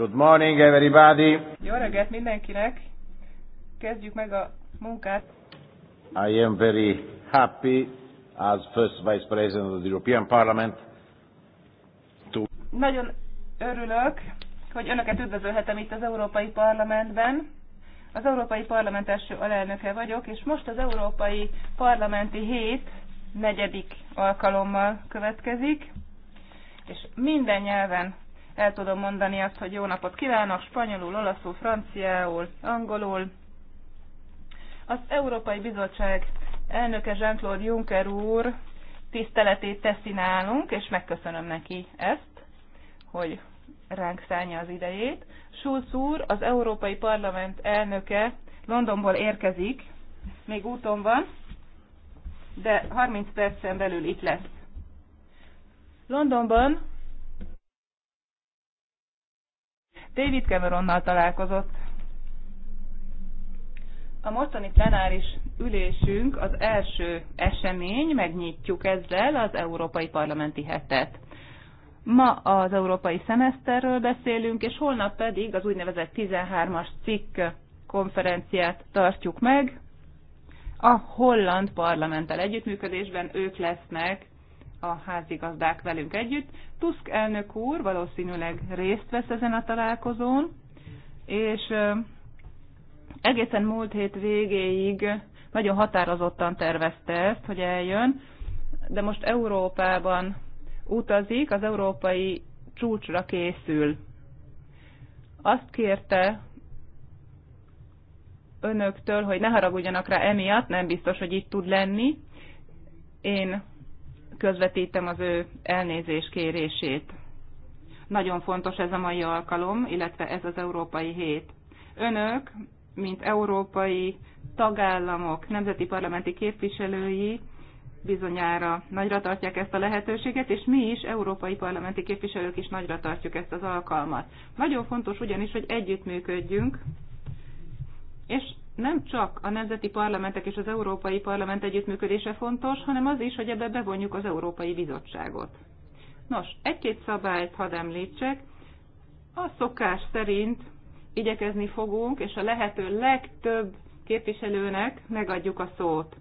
Good morning, everybody. Jó reggelt mindenkinek. Kezdjük meg a munkát. I am very happy as first vice president of the European Parliament to... Nagyon örülök, hogy önöket üdvözölhetem itt az Európai Parlamentben. Az Európai Parlament első alelnöke vagyok, és most az Európai Parlamenti Hét negyedik alkalommal következik, és minden nyelven el tudom mondani azt, hogy jó napot kívánok spanyolul, olaszul, franciául, angolul. Az Európai Bizottság elnöke Jean-Claude Juncker úr tiszteletét teszi nálunk, és megköszönöm neki ezt, hogy ránk szállja az idejét. Schulz úr, az Európai Parlament elnöke Londonból érkezik, még úton van, de 30 percen belül itt lesz. Londonban David Cameronnal találkozott. A mostani plenáris ülésünk az első esemény, megnyitjuk ezzel az Európai Parlamenti Hetet. Ma az európai szemeszterről beszélünk, és holnap pedig az úgynevezett 13-as cikk konferenciát tartjuk meg. A holland parlamenttel együttműködésben ők lesznek a házigazdák velünk együtt. Tusk elnök úr valószínűleg részt vesz ezen a találkozón, és egészen múlt hét végéig nagyon határozottan tervezte ezt, hogy eljön, de most Európában utazik, az európai csúcsra készül. Azt kérte önöktől, hogy ne haragudjanak rá emiatt, nem biztos, hogy itt tud lenni. Én közvetítem az ő elnézés kérését. Nagyon fontos ez a mai alkalom, illetve ez az Európai Hét. Önök, mint európai tagállamok, nemzeti parlamenti képviselői, bizonyára nagyra tartják ezt a lehetőséget, és mi is, európai parlamenti képviselők is nagyra tartjuk ezt az alkalmat. Nagyon fontos ugyanis, hogy együttműködjünk, és nem csak a nemzeti parlamentek és az Európai Parlament együttműködése fontos, hanem az is, hogy ebbe bevonjuk az Európai Bizottságot. Nos, egy-két szabályt hadd említsek. A szokás szerint igyekezni fogunk, és a lehető legtöbb képviselőnek megadjuk a szót.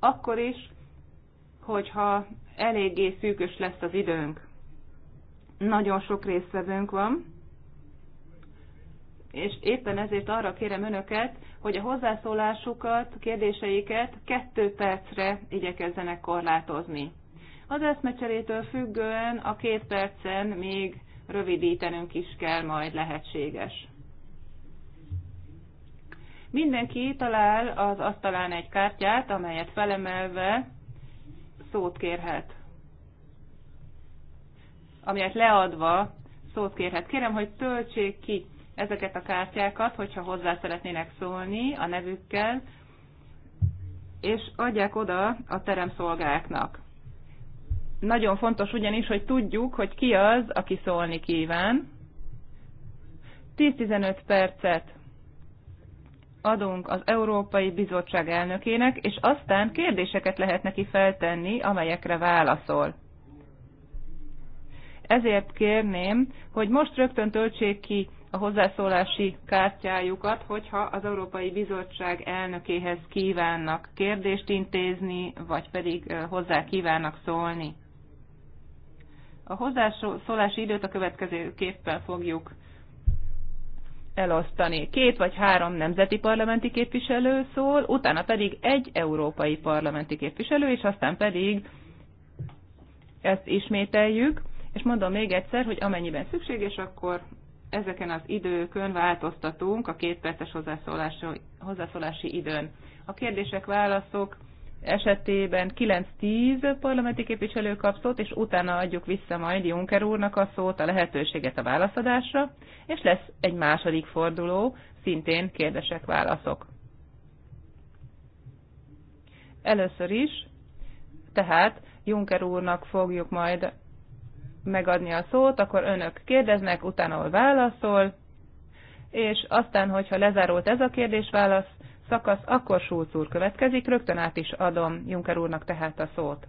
Akkor is, hogyha eléggé szűkös lesz az időnk. Nagyon sok részvevőnk van, és éppen ezért arra kérem önöket, hogy a hozzászólásukat, kérdéseiket kettő percre igyekezzenek korlátozni. Az eszmecserétől függően a két percen még rövidítenünk is kell majd lehetséges. Mindenki talál az asztalán egy kártyát, amelyet felemelve szót kérhet. Amelyet leadva szót kérhet. Kérem, hogy töltsék ki ezeket a kártyákat, hogyha hozzá szeretnének szólni a nevükkel, és adják oda a teremszolgáknak. Nagyon fontos ugyanis, hogy tudjuk, hogy ki az, aki szólni kíván. 10-15 percet adunk az Európai Bizottság elnökének, és aztán kérdéseket lehet neki feltenni, amelyekre válaszol. Ezért kérném, hogy most rögtön töltsék ki a hozzászólási kártyájukat, hogyha az Európai Bizottság elnökéhez kívánnak kérdést intézni, vagy pedig hozzá kívánnak szólni. A hozzászólási időt a következő képpel fogjuk elosztani. Két vagy három nemzeti parlamenti képviselő szól, utána pedig egy európai parlamenti képviselő, és aztán pedig ezt ismételjük. És mondom még egyszer, hogy amennyiben szükséges, akkor ezeken az időkön változtatunk, a két perces hozzászólási időn. A kérdések, válaszok esetében 9-10 parlamenti képviselő kap szót, és utána adjuk vissza majd Juncker úrnak a szót, a lehetőséget a válaszadásra, és lesz egy második forduló, szintén kérdések, válaszok. Először is, tehát Juncker úrnak fogjuk majd megadni a szót, akkor önök kérdeznek, utána válaszol, és aztán, hogyha lezárult ez a kérdés-válasz szakasz, akkor Schulz úr következik, rögtön át is adom Juncker úrnak tehát a szót.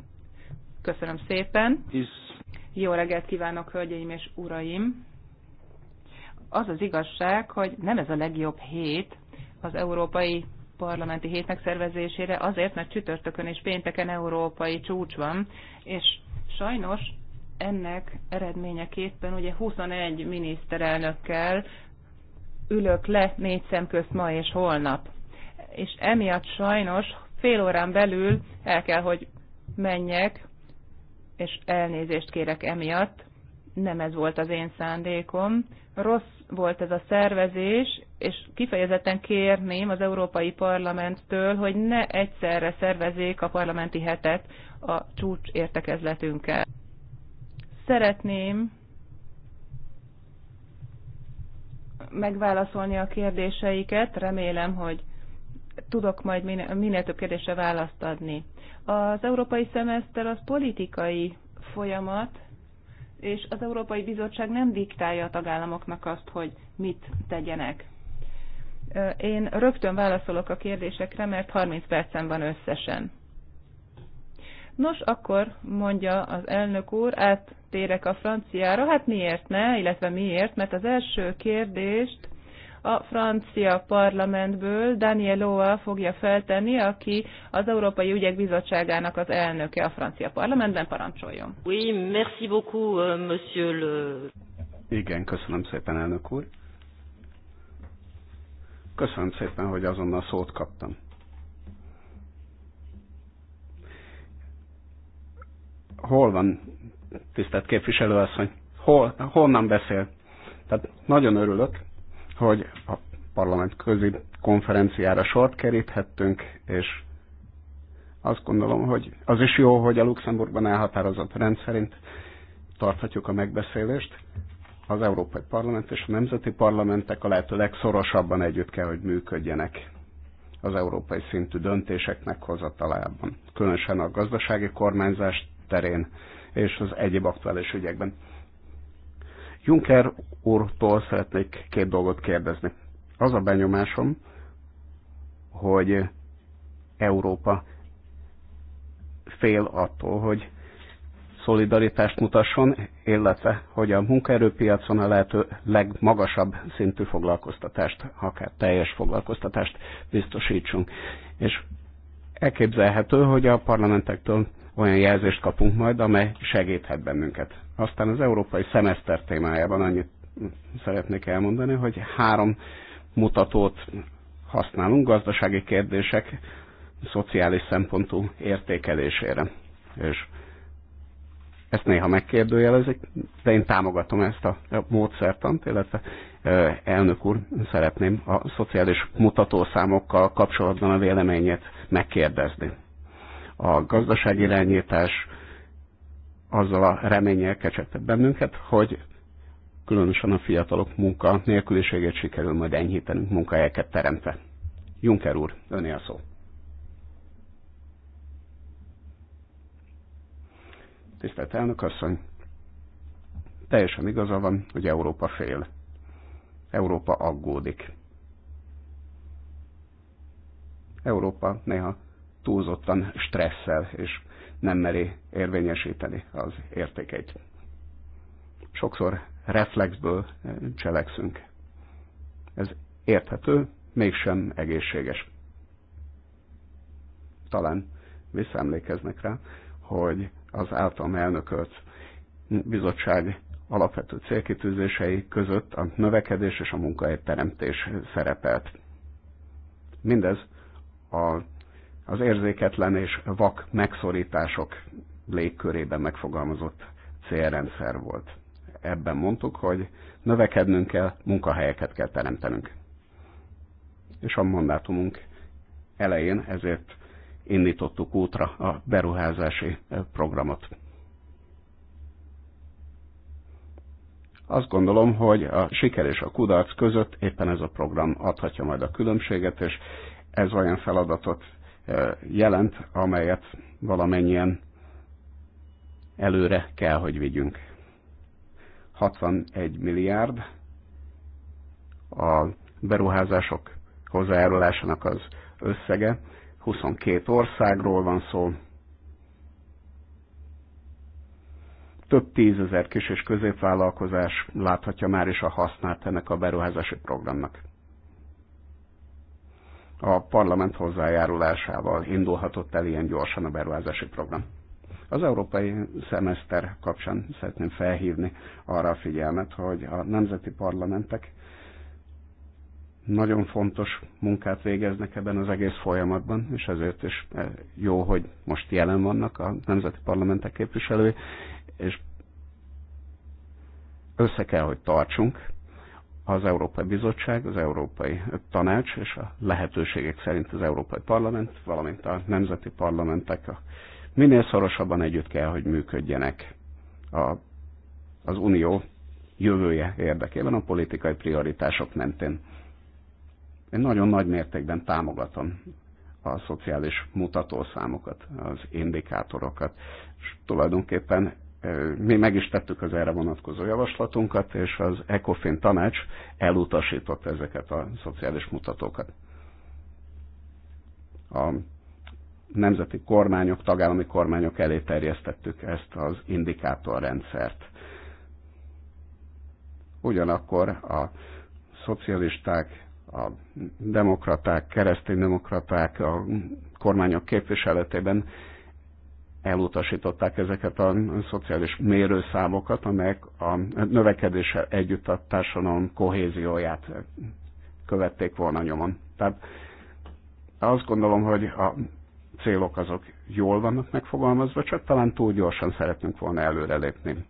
Köszönöm szépen. Is. Jó reggelt kívánok, hölgyeim és uraim! Az az igazság, hogy nem ez a legjobb hét az európai parlamenti hét megszervezésére, azért, mert csütörtökön és pénteken európai csúcs van, és sajnos ennek eredményeképpen ugye 21 miniszterelnökkel ülök le négy szem közt ma és holnap. És emiatt sajnos fél órán belül el kell, hogy menjek, és elnézést kérek emiatt. Nem ez volt az én szándékom. Rossz volt ez a szervezés, és kifejezetten kérném az Európai Parlamenttől, hogy ne egyszerre szervezék a parlamenti hetet a csúcs értekezletünkkel. Szeretném megválaszolni a kérdéseiket, remélem, hogy tudok majd minél, minél több kérdésre választ adni. Az európai szemeszter az politikai folyamat, és az Európai Bizottság nem diktálja a tagállamoknak azt, hogy mit tegyenek. Én rögtön válaszolok a kérdésekre, mert 30 percen van összesen. Nos, akkor mondja az elnök úr, áttérek a franciára. Hát miért ne, illetve miért? Mert az első kérdést a francia parlamentből Daniel Loa fogja feltenni, aki az Európai Ügyek Bizottságának az elnöke a francia parlamentben. Parancsoljon. Oui, merci beaucoup, euh, monsieur le... Igen, köszönöm szépen, elnök úr. Köszönöm szépen, hogy azonnal szót kaptam. hol van, tisztelt képviselőasszony, hol, honnan beszél? Tehát nagyon örülök, hogy a parlament közi konferenciára sort keríthettünk, és azt gondolom, hogy az is jó, hogy a Luxemburgban elhatározott rendszerint tarthatjuk a megbeszélést. Az Európai Parlament és a nemzeti parlamentek a lehető legszorosabban együtt kell, hogy működjenek az európai szintű döntéseknek hozatalában. Különösen a gazdasági kormányzást terén és az egyéb aktuális ügyekben. Juncker úrtól szeretnék két dolgot kérdezni. Az a benyomásom, hogy Európa fél attól, hogy szolidaritást mutasson, illetve hogy a munkaerőpiacon a lehető legmagasabb szintű foglalkoztatást, akár teljes foglalkoztatást biztosítsunk. És elképzelhető, hogy a parlamentektől olyan jelzést kapunk majd, amely segíthet bennünket. Aztán az európai szemeszter témájában annyit szeretnék elmondani, hogy három mutatót használunk gazdasági kérdések szociális szempontú értékelésére. És ezt néha megkérdőjelezik, de én támogatom ezt a módszertant, illetve elnök úr, szeretném a szociális mutatószámokkal kapcsolatban a véleményét megkérdezni a gazdasági irányítás azzal a reményel kecsegtet bennünket, hogy különösen a fiatalok munka nélküliségét sikerül majd enyhítenünk munkahelyeket teremtve. Juncker úr, öné a szó. Tisztelt elnök asszony, teljesen igaza van, hogy Európa fél. Európa aggódik. Európa néha túlzottan stresszel, és nem meri érvényesíteni az értékeit. Sokszor reflexből eh, cselekszünk. Ez érthető, mégsem egészséges. Talán visszaemlékeznek rá, hogy az általam elnökölt bizottság alapvető célkitűzései között a növekedés és a munkahelyteremtés szerepelt. Mindez a az érzéketlen és vak megszorítások légkörében megfogalmazott célrendszer volt. Ebben mondtuk, hogy növekednünk kell, munkahelyeket kell teremtenünk. És a mandátumunk elején ezért indítottuk útra a beruházási programot. Azt gondolom, hogy a siker és a kudarc között éppen ez a program adhatja majd a különbséget, és ez olyan feladatot jelent, amelyet valamennyien előre kell, hogy vigyünk. 61 milliárd a beruházások hozzájárulásának az összege. 22 országról van szó, több tízezer kis és középvállalkozás láthatja már is a hasznát ennek a beruházási programnak a parlament hozzájárulásával indulhatott el ilyen gyorsan a beruházási program. Az európai szemeszter kapcsán szeretném felhívni arra a figyelmet, hogy a nemzeti parlamentek nagyon fontos munkát végeznek ebben az egész folyamatban, és ezért is eh, jó, hogy most jelen vannak a nemzeti parlamentek képviselői, és össze kell, hogy tartsunk ha az Európai Bizottság, az Európai Tanács és a lehetőségek szerint az Európai Parlament, valamint a nemzeti parlamentek a minél szorosabban együtt kell, hogy működjenek a, az unió jövője érdekében a politikai prioritások mentén. Én nagyon nagy mértékben támogatom a szociális mutatószámokat, az indikátorokat, és tulajdonképpen mi meg is tettük az erre vonatkozó javaslatunkat, és az ECOFIN tanács elutasította ezeket a szociális mutatókat. A nemzeti kormányok, tagállami kormányok elé terjesztettük ezt az indikátorrendszert. Ugyanakkor a szocialisták, a demokraták, kereszténydemokraták a kormányok képviseletében elutasították ezeket a szociális mérőszámokat, amelyek a növekedéssel együtt a társadalom kohézióját követték volna nyomon. Tehát azt gondolom, hogy a célok azok jól vannak megfogalmazva, csak talán túl gyorsan szeretnünk volna előrelépni.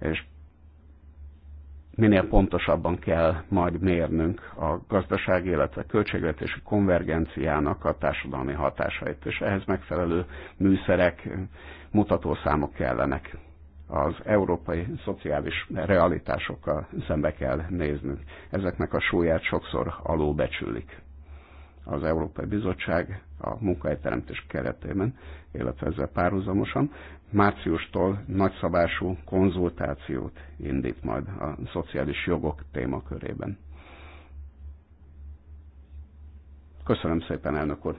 És minél pontosabban kell majd mérnünk a gazdasági, illetve költségvetési konvergenciának a társadalmi hatásait, és ehhez megfelelő műszerek, mutatószámok kellenek. Az európai szociális realitásokkal szembe kell néznünk. Ezeknek a súlyát sokszor alulbecsülik az Európai Bizottság a munkahelyteremtés keretében, illetve ezzel párhuzamosan márciustól nagyszabású konzultációt indít majd a szociális jogok témakörében. Köszönöm szépen, elnök úr!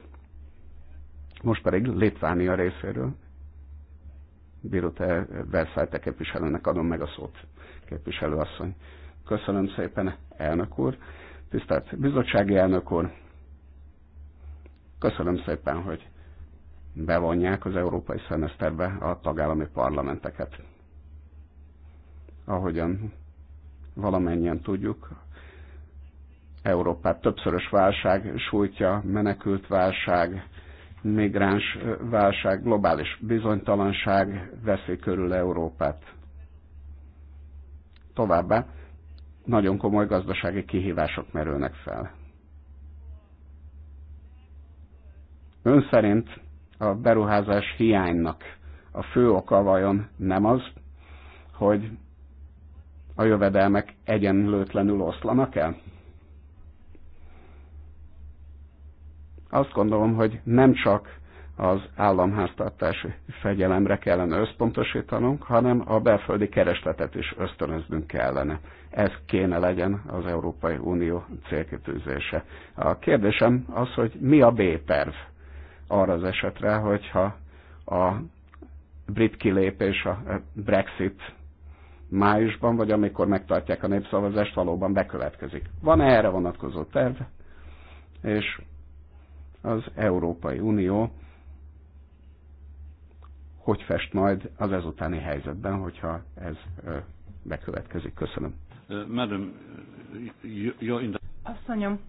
Most pedig Litvánia részéről Birute Versailles képviselőnek adom meg a szót, képviselőasszony. Köszönöm szépen, elnök úr! Tisztelt bizottsági elnök úr, Köszönöm szépen, hogy bevonják az európai szemeszterbe a tagállami parlamenteket. Ahogyan valamennyien tudjuk, Európát többszörös válság sújtja, menekült válság, migráns válság, globális bizonytalanság veszi körül Európát. Továbbá nagyon komoly gazdasági kihívások merülnek fel Ön szerint a beruházás hiánynak a fő oka vajon nem az, hogy a jövedelmek egyenlőtlenül oszlanak el? Azt gondolom, hogy nem csak az államháztartási fegyelemre kellene összpontosítanunk, hanem a belföldi keresletet is ösztönöznünk kellene. Ez kéne legyen az Európai Unió célkitűzése. A kérdésem az, hogy mi a B-terv arra az esetre, hogyha a brit kilépés, a Brexit májusban, vagy amikor megtartják a népszavazást, valóban bekövetkezik. Van erre vonatkozó terv, és az Európai Unió hogy fest majd az ezutáni helyzetben, hogyha ez bekövetkezik. Köszönöm. Madam, Asszonyom,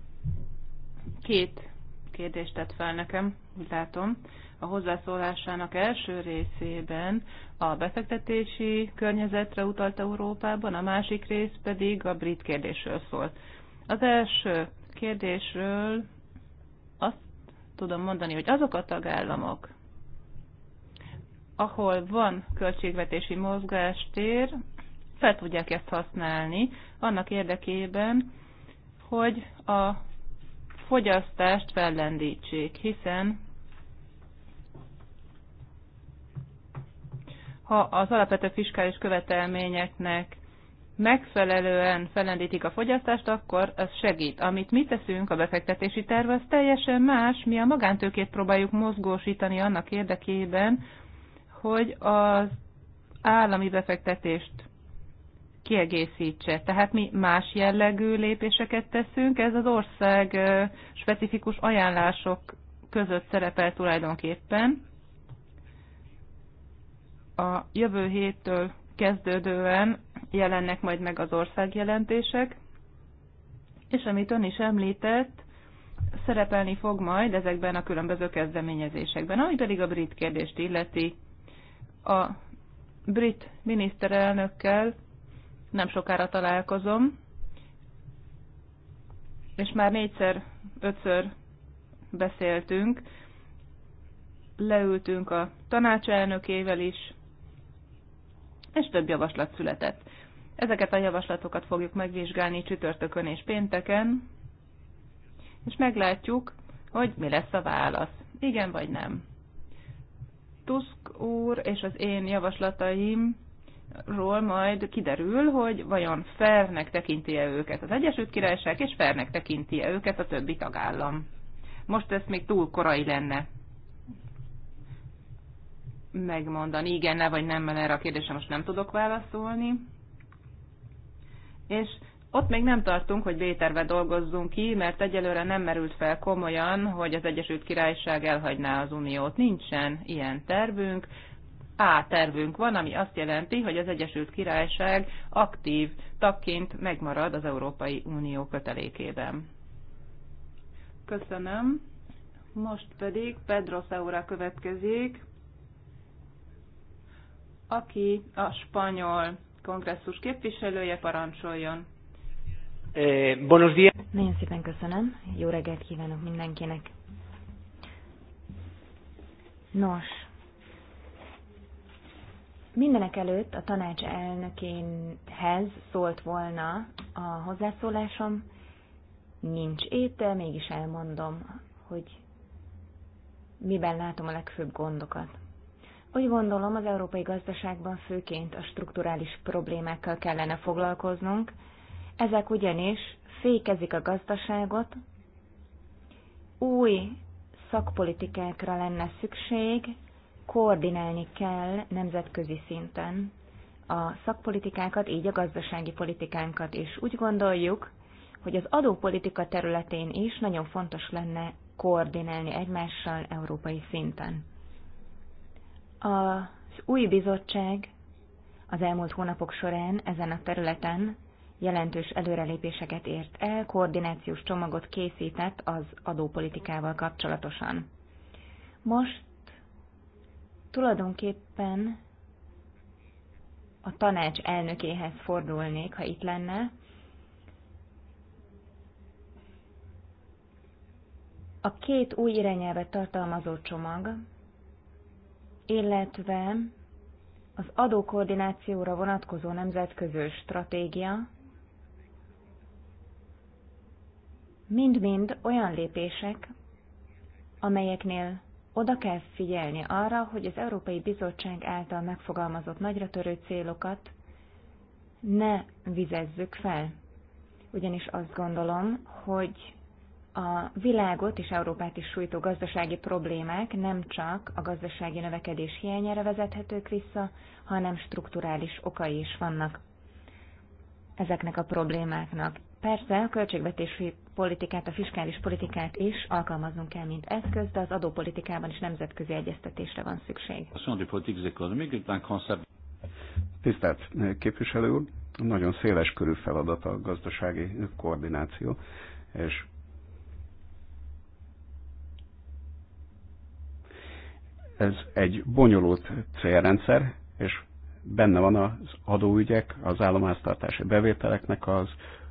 két kérdést tett fel nekem úgy látom, a hozzászólásának első részében a befektetési környezetre utalt Európában, a másik rész pedig a brit kérdésről szólt. Az első kérdésről azt tudom mondani, hogy azok a tagállamok, ahol van költségvetési mozgástér, fel tudják ezt használni annak érdekében, hogy a fogyasztást fellendítsék, hiszen ha az alapvető fiskális követelményeknek megfelelően felendítik a fogyasztást, akkor ez segít. Amit mi teszünk, a befektetési terv, az teljesen más. Mi a magántőkét próbáljuk mozgósítani annak érdekében, hogy az állami befektetést kiegészítse. Tehát mi más jellegű lépéseket teszünk, ez az ország specifikus ajánlások között szerepel tulajdonképpen a jövő héttől kezdődően jelennek majd meg az országjelentések, és amit ön is említett, szerepelni fog majd ezekben a különböző kezdeményezésekben. Ami pedig a brit kérdést illeti, a brit miniszterelnökkel nem sokára találkozom, és már négyszer, ötször beszéltünk, leültünk a tanácselnökével is, és több javaslat született. Ezeket a javaslatokat fogjuk megvizsgálni csütörtökön és pénteken, és meglátjuk, hogy mi lesz a válasz. Igen vagy nem. Tusk úr és az én javaslataim ról majd kiderül, hogy vajon fernek tekinti-e őket az Egyesült Királyság, és fernek tekinti-e őket a többi tagállam. Most ez még túl korai lenne megmondani igen vagy nem, mert erre a kérdésre most nem tudok válaszolni. És ott még nem tartunk, hogy B-terve dolgozzunk ki, mert egyelőre nem merült fel komolyan, hogy az Egyesült Királyság elhagyná az Uniót. Nincsen ilyen tervünk. A tervünk van, ami azt jelenti, hogy az Egyesült Királyság aktív tagként megmarad az Európai Unió kötelékében. Köszönöm. Most pedig Pedro Saura következik, aki a spanyol kongresszus képviselője, parancsoljon. Eh, buenos días. Nagyon szépen köszönöm. Jó reggelt kívánok mindenkinek. Nos, mindenek előtt a tanács elnökénhez szólt volna a hozzászólásom. Nincs étel, mégis elmondom, hogy miben látom a legfőbb gondokat. Úgy gondolom, az európai gazdaságban főként a strukturális problémákkal kellene foglalkoznunk. Ezek ugyanis fékezik a gazdaságot, új szakpolitikákra lenne szükség, koordinálni kell nemzetközi szinten a szakpolitikákat, így a gazdasági politikánkat is. Úgy gondoljuk, hogy az adópolitika területén is nagyon fontos lenne koordinálni egymással európai szinten. Az új bizottság az elmúlt hónapok során ezen a területen jelentős előrelépéseket ért el, koordinációs csomagot készített az adópolitikával kapcsolatosan. Most tulajdonképpen a tanács elnökéhez fordulnék, ha itt lenne. A két új irányelvet tartalmazó csomag illetve az adókoordinációra vonatkozó nemzetközi stratégia mind-mind olyan lépések, amelyeknél oda kell figyelni arra, hogy az Európai Bizottság által megfogalmazott nagyra törő célokat ne vizezzük fel. Ugyanis azt gondolom, hogy a világot és Európát is sújtó gazdasági problémák nem csak a gazdasági növekedés hiányára vezethetők vissza, hanem strukturális okai is vannak ezeknek a problémáknak. Persze a költségvetési politikát, a fiskális politikát is alkalmaznunk kell, mint eszköz, de az adópolitikában is nemzetközi egyeztetésre van szükség. Tisztelt képviselő úr, nagyon széles körű feladat a gazdasági koordináció, és Ez egy bonyolult célrendszer, és benne van az adóügyek, az állomháztartási bevételeknek az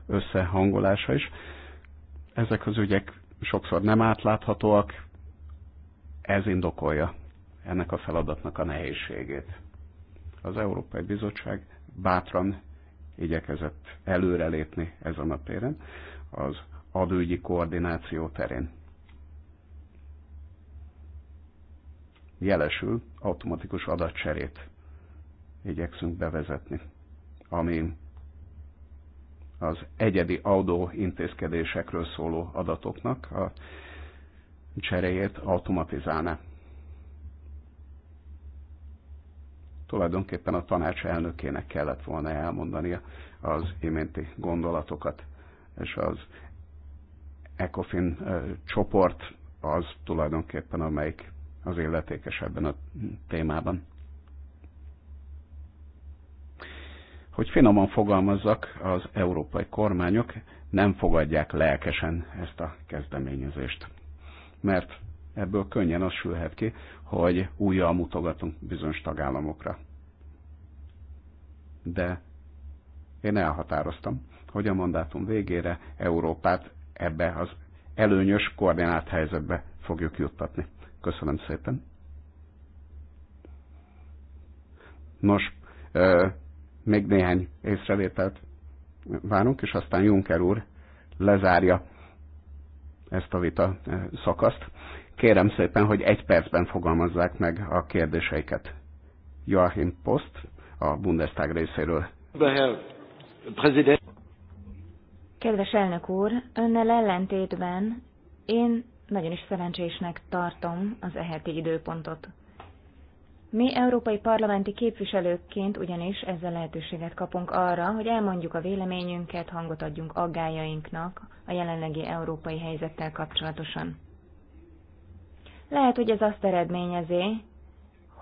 összehangolása is. Ezek az ügyek sokszor nem átláthatóak, ez indokolja ennek a feladatnak a nehézségét. Az Európai Bizottság bátran igyekezett előrelépni ezen a téren, az adóügyi koordináció terén. jelesül automatikus adatcserét igyekszünk bevezetni, ami az egyedi adó intézkedésekről szóló adatoknak a cseréjét automatizálná. Tulajdonképpen a tanács elnökének kellett volna elmondania az iménti gondolatokat, és az ECOFIN csoport az tulajdonképpen, amelyik az illetékes ebben a témában. Hogy finoman fogalmazzak, az európai kormányok nem fogadják lelkesen ezt a kezdeményezést. Mert ebből könnyen az sülhet ki, hogy újjal mutogatunk bizonyos tagállamokra. De én elhatároztam, hogy a mandátum végére Európát ebbe az előnyös koordinált helyzetbe fogjuk juttatni. Köszönöm szépen. Nos, még néhány észrevételt várunk, és aztán Juncker úr lezárja ezt a vita szakaszt. Kérem szépen, hogy egy percben fogalmazzák meg a kérdéseiket. Joachim Post a Bundestag részéről. Kedves elnök úr, önnel ellentétben én nagyon is szerencsésnek tartom az eheti időpontot. Mi európai parlamenti képviselőkként ugyanis ezzel lehetőséget kapunk arra, hogy elmondjuk a véleményünket, hangot adjunk aggájainknak a jelenlegi európai helyzettel kapcsolatosan. Lehet, hogy ez azt eredményezi,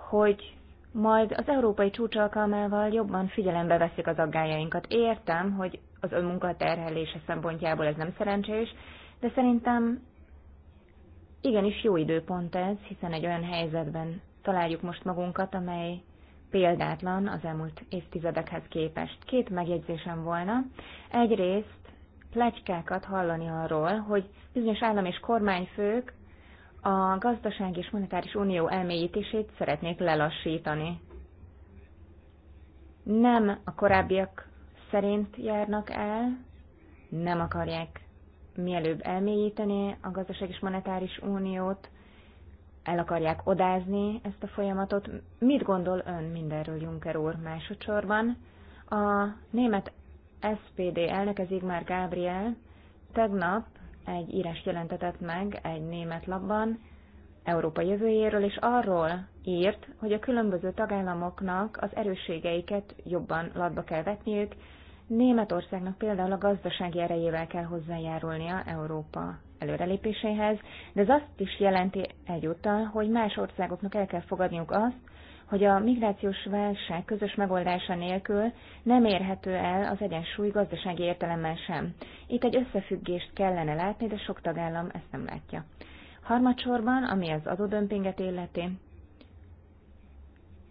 hogy majd az európai csúcs alkalmával jobban figyelembe veszik az aggájainkat. Értem, hogy az önmunkaterhelése szempontjából ez nem szerencsés, de szerintem Igenis jó időpont ez, hiszen egy olyan helyzetben találjuk most magunkat, amely példátlan az elmúlt évtizedekhez képest. Két megjegyzésem volna. Egyrészt plegykákat hallani arról, hogy bizonyos állam és kormányfők a gazdaság és monetáris unió elmélyítését szeretnék lelassítani. Nem a korábbiak szerint járnak el, nem akarják mielőbb elmélyítené a gazdaság és monetáris uniót, el akarják odázni ezt a folyamatot. Mit gondol ön mindenről, Juncker úr, másodszorban? A német SPD elnöke már Gabriel tegnap egy írás jelentetett meg egy német labban Európa jövőjéről, és arról írt, hogy a különböző tagállamoknak az erősségeiket jobban latba kell vetniük, Németországnak például a gazdasági erejével kell hozzájárulnia Európa előrelépéséhez, de ez azt is jelenti egyúttal, hogy más országoknak el kell fogadniuk azt, hogy a migrációs válság közös megoldása nélkül nem érhető el az egyensúly gazdasági értelemmel sem. Itt egy összefüggést kellene látni, de sok tagállam ezt nem látja. Harmadsorban, ami az adódömpinget illeti,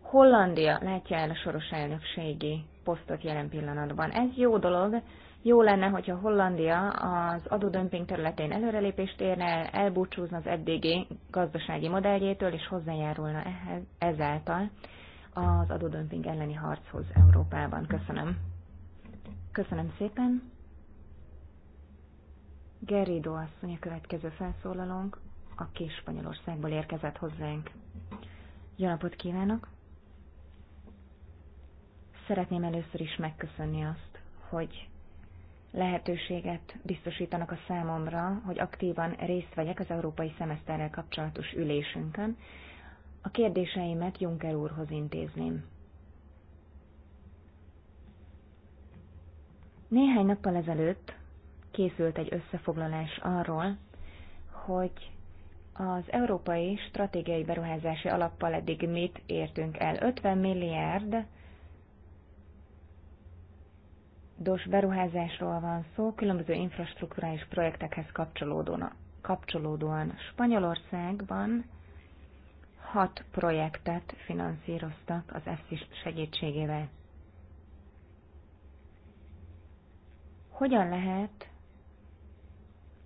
Hollandia látja el a soros elnökségi posztot jelen pillanatban. Ez jó dolog, jó lenne, hogyha Hollandia az adódömping területén előrelépést érne el, elbúcsúzna az eddigi gazdasági modelljétől, és hozzájárulna ehhez, ezáltal az adódömping elleni harchoz Európában. Köszönöm. Köszönöm szépen. Gerido asszony a következő felszólalónk, aki Spanyolországból érkezett hozzánk. Jó napot kívánok! Szeretném először is megköszönni azt, hogy lehetőséget biztosítanak a számomra, hogy aktívan részt vegyek az európai szemeszterrel kapcsolatos ülésünkön. A kérdéseimet Juncker úrhoz intézném. Néhány nappal ezelőtt készült egy összefoglalás arról, hogy az Európai Stratégiai Beruházási Alappal eddig mit értünk el. 50 milliárd milliárdos beruházásról van szó, különböző infrastruktúrális projektekhez kapcsolódóan. kapcsolódóan. Spanyolországban hat projektet finanszíroztak az EFSI segítségével. Hogyan lehet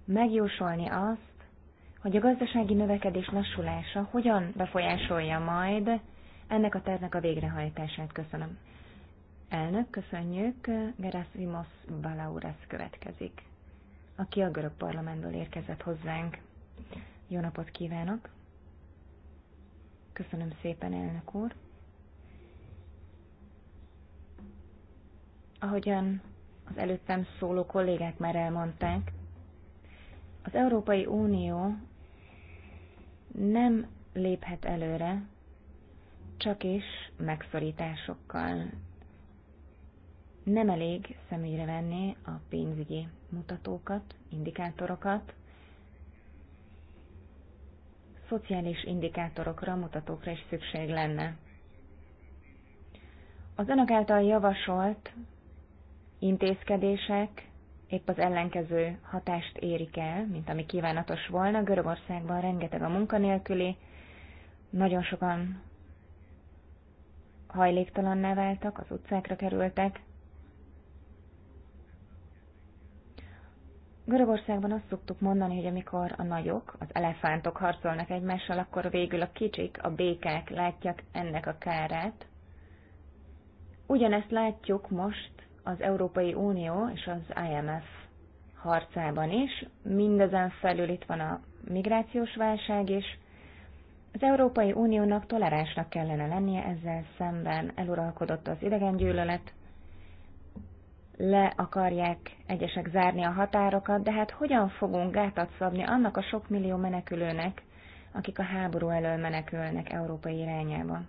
megjósolni azt, hogy a gazdasági növekedés lassulása hogyan befolyásolja majd ennek a tervnek a végrehajtását? Köszönöm. Elnök, köszönjük. Gerasimos Balaurasz következik, aki a görög parlamentből érkezett hozzánk. Jó napot kívánok! Köszönöm szépen, elnök úr! Ahogyan az előttem szóló kollégák már elmondták, az Európai Unió nem léphet előre, csak is megszorításokkal nem elég személyre venni a pénzügyi mutatókat, indikátorokat, szociális indikátorokra, mutatókra is szükség lenne. Az önök által javasolt intézkedések épp az ellenkező hatást érik el, mint ami kívánatos volna. Görögországban rengeteg a munkanélküli, nagyon sokan hajléktalanná váltak, az utcákra kerültek, Görögországban azt szoktuk mondani, hogy amikor a nagyok, az elefántok harcolnak egymással, akkor végül a kicsik, a békák látják ennek a kárát. Ugyanezt látjuk most az Európai Unió és az IMF harcában is. Mindezen felül itt van a migrációs válság is. Az Európai Uniónak toleránsnak kellene lennie ezzel szemben, eluralkodott az idegengyűlölet, le akarják egyesek zárni a határokat, de hát hogyan fogunk gátat szabni annak a sok millió menekülőnek, akik a háború elől menekülnek Európai irányába?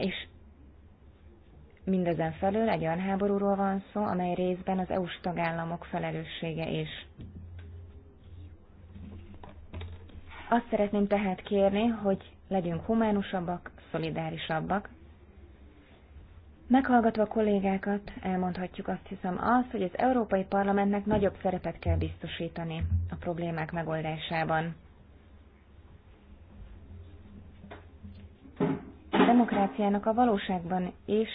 És mindezen felül egy olyan háborúról van szó, amely részben az EU-s tagállamok felelőssége is. Azt szeretném tehát kérni, hogy legyünk humánusabbak, szolidárisabbak, Meghallgatva a kollégákat, elmondhatjuk azt hiszem azt, hogy az Európai Parlamentnek nagyobb szerepet kell biztosítani a problémák megoldásában. A demokráciának a valóságban is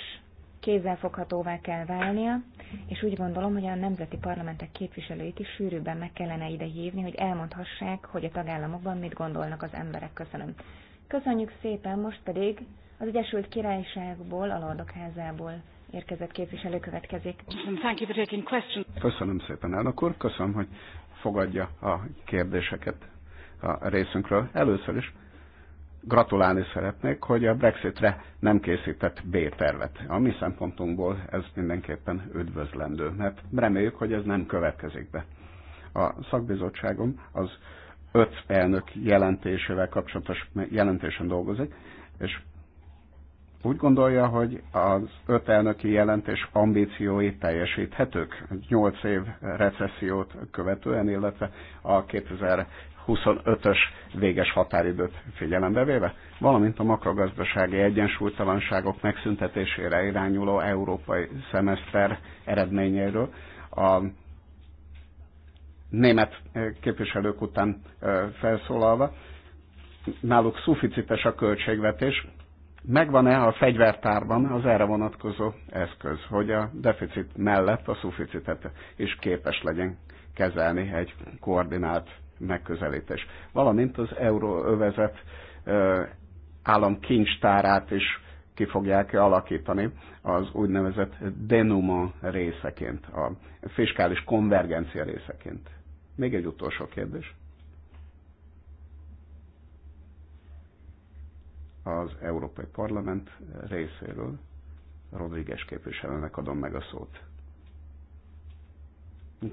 kézzelfoghatóvá kell válnia, és úgy gondolom, hogy a nemzeti parlamentek képviselőit is sűrűbben meg kellene ide hívni, hogy elmondhassák, hogy a tagállamokban mit gondolnak az emberek. Köszönöm. Köszönjük szépen, most pedig az Egyesült Királyságból, a Lordokházából érkezett képviselő következik. Köszönöm szépen, elnök úr. Köszönöm, hogy fogadja a kérdéseket a részünkről. Először is gratulálni szeretnék, hogy a Brexitre nem készített B-tervet. A mi szempontunkból ez mindenképpen üdvözlendő, mert reméljük, hogy ez nem következik be. A szakbizottságom az öt elnök jelentésével kapcsolatos jelentésen dolgozik, és úgy gondolja, hogy az öt elnöki jelentés ambíciói teljesíthetők 8 év recessziót követően, illetve a 2025-ös véges határidőt figyelembe véve, valamint a makrogazdasági egyensúlytalanságok megszüntetésére irányuló európai szemeszter eredményéről a német képviselők után felszólalva, náluk szuficites a költségvetés, megvan-e a fegyvertárban az erre vonatkozó eszköz, hogy a deficit mellett a szuficitet is képes legyen kezelni egy koordinált megközelítés. Valamint az euróövezet államkincstárát is ki fogják alakítani az úgynevezett denuma részeként, a fiskális konvergencia részeként. Még egy utolsó kérdés. az Európai Parlament részéről Rodríguez képviselőnek adom meg a szót.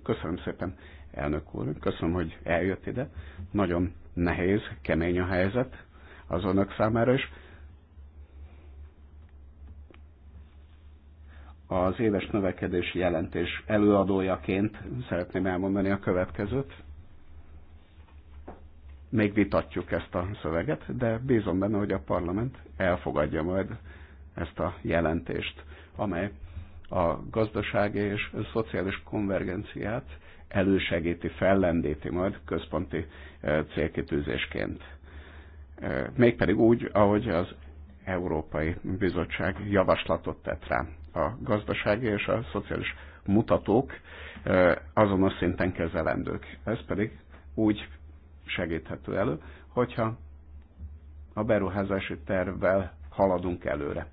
Köszönöm szépen, elnök úr, köszönöm, hogy eljött ide. Nagyon nehéz, kemény a helyzet az önök számára is. Az éves növekedési jelentés előadójaként szeretném elmondani a következőt még vitatjuk ezt a szöveget, de bízom benne, hogy a parlament elfogadja majd ezt a jelentést, amely a gazdasági és szociális konvergenciát elősegíti, fellendíti majd központi eh, célkitűzésként. Eh, mégpedig úgy, ahogy az Európai Bizottság javaslatot tett rá. A gazdasági és a szociális mutatók eh, azonos szinten kezelendők. Ez pedig úgy segíthető elő, hogyha a beruházási tervvel haladunk előre.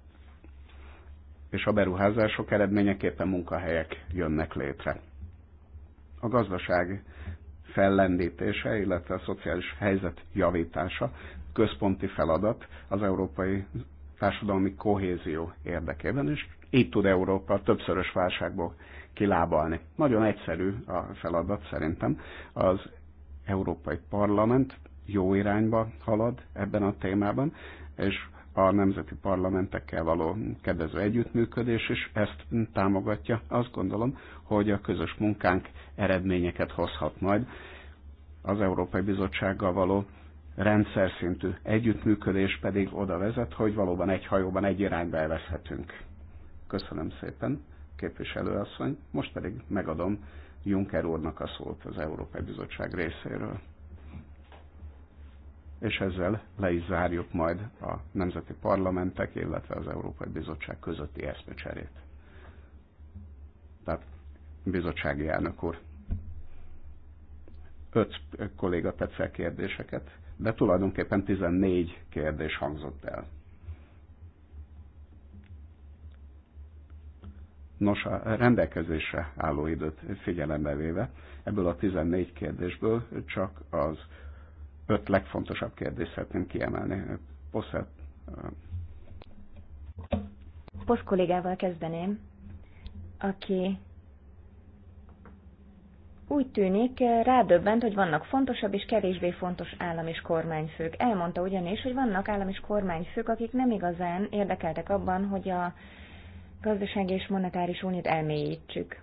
És a beruházások eredményeképpen munkahelyek jönnek létre. A gazdaság fellendítése, illetve a szociális helyzet javítása központi feladat az európai társadalmi kohézió érdekében, és így tud Európa többszörös válságból kilábalni. Nagyon egyszerű a feladat szerintem. Az Európai Parlament jó irányba halad ebben a témában, és a nemzeti parlamentekkel való kedvező együttműködés is ezt támogatja. Azt gondolom, hogy a közös munkánk eredményeket hozhat majd az Európai Bizottsággal való rendszer szintű együttműködés pedig oda vezet, hogy valóban egy hajóban egy irányba elveszhetünk. Köszönöm szépen, képviselőasszony. Most pedig megadom Juncker úrnak a szót az Európai Bizottság részéről. És ezzel le is zárjuk majd a nemzeti parlamentek, illetve az Európai Bizottság közötti eszmecserét. Tehát bizottsági elnök úr, öt kolléga tett fel kérdéseket, de tulajdonképpen 14 kérdés hangzott el. Nos, a rendelkezésre álló időt figyelembe véve, ebből a 14 kérdésből csak az öt legfontosabb kérdést szeretném kiemelni. Poszett. Posz kollégával kezdeném, aki úgy tűnik, rádöbbent, hogy vannak fontosabb és kevésbé fontos állam és kormányfők. Elmondta ugyanis, hogy vannak állam és kormányfők, akik nem igazán érdekeltek abban, hogy a gazdasági és monetáris uniót elmélyítsük.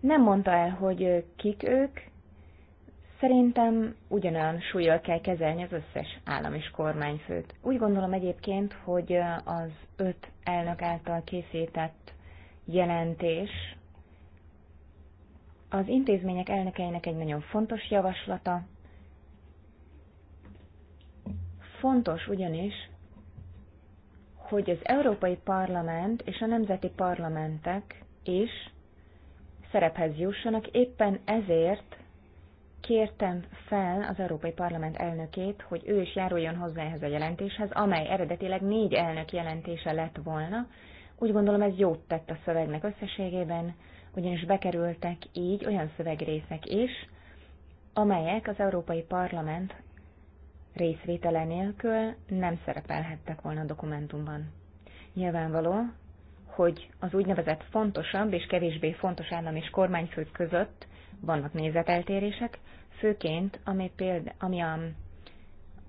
Nem mondta el, hogy kik ők, Szerintem ugyanolyan súlyjal kell kezelni az összes állam és kormányfőt. Úgy gondolom egyébként, hogy az öt elnök által készített jelentés az intézmények elnökeinek egy nagyon fontos javaslata. Fontos ugyanis, hogy az Európai Parlament és a nemzeti parlamentek is szerephez jussanak. Éppen ezért kértem fel az Európai Parlament elnökét, hogy ő is járuljon hozzá ehhez a jelentéshez, amely eredetileg négy elnök jelentése lett volna. Úgy gondolom ez jót tett a szövegnek összességében, ugyanis bekerültek így olyan szövegrészek is, amelyek az Európai Parlament részvétele nélkül nem szerepelhettek volna a dokumentumban. Nyilvánvaló, hogy az úgynevezett fontosabb és kevésbé fontos állam és kormányfők között vannak nézeteltérések, főként ami, példa, ami a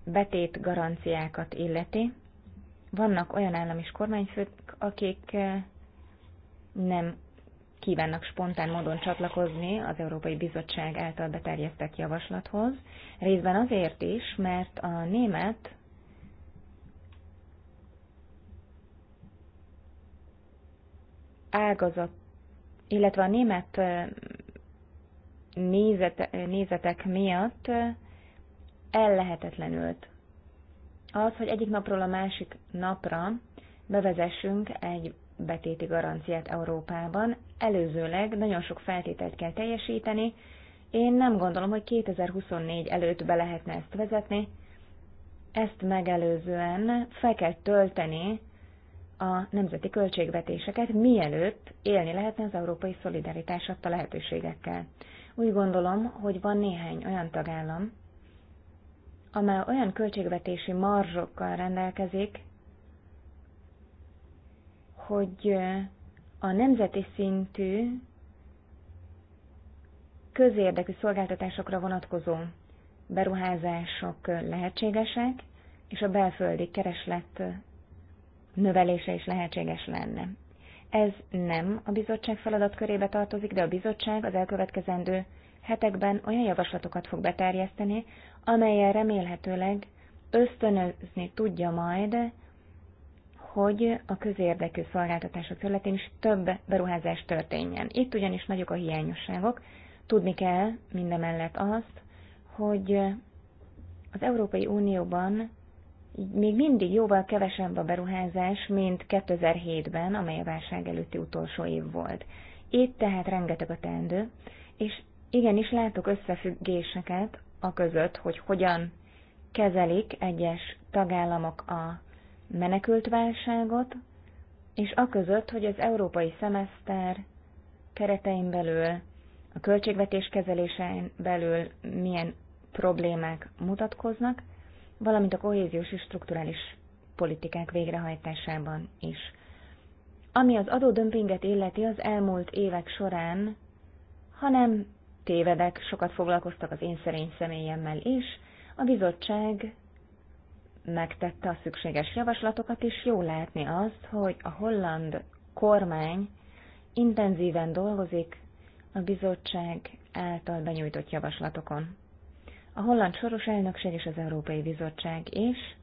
betét garanciákat illeti. Vannak olyan állam és kormányfők, akik eh, nem kívánnak spontán módon csatlakozni az Európai Bizottság által beterjesztett javaslathoz, részben azért is, mert a német ágazat, illetve a német nézete, nézetek miatt ellehetetlenült. Az, hogy egyik napról a másik napra bevezessünk egy betéti garanciát Európában. Előzőleg nagyon sok feltételt kell teljesíteni. Én nem gondolom, hogy 2024 előtt be lehetne ezt vezetni. Ezt megelőzően fel kell tölteni a nemzeti költségvetéseket, mielőtt élni lehetne az európai szolidaritás adta lehetőségekkel. Úgy gondolom, hogy van néhány olyan tagállam, amely olyan költségvetési marzsokkal rendelkezik, hogy a nemzeti szintű közérdekű szolgáltatásokra vonatkozó beruházások lehetségesek, és a belföldi kereslet növelése is lehetséges lenne. Ez nem a bizottság feladatkörébe tartozik, de a bizottság az elkövetkezendő hetekben olyan javaslatokat fog beterjeszteni, amelyen remélhetőleg ösztönözni tudja majd hogy a közérdekű szolgáltatások területén is több beruházás történjen. Itt ugyanis nagyok a hiányosságok. Tudni kell mindemellett azt, hogy az Európai Unióban még mindig jóval kevesebb a beruházás, mint 2007-ben, amely a válság előtti utolsó év volt. Itt tehát rengeteg a teendő, és igenis látok összefüggéseket a között, hogy hogyan kezelik egyes tagállamok a válságot, és aközött, hogy az európai szemeszter keretein belül, a költségvetés kezelésein belül milyen problémák mutatkoznak, valamint a kohéziós és strukturális politikák végrehajtásában is. Ami az adódömpinget illeti az elmúlt évek során, hanem tévedek, sokat foglalkoztak az én szerény személyemmel is, a bizottság megtette a szükséges javaslatokat, és jó látni azt, hogy a holland kormány intenzíven dolgozik a bizottság által benyújtott javaslatokon. A holland soros elnökség és az Európai Bizottság is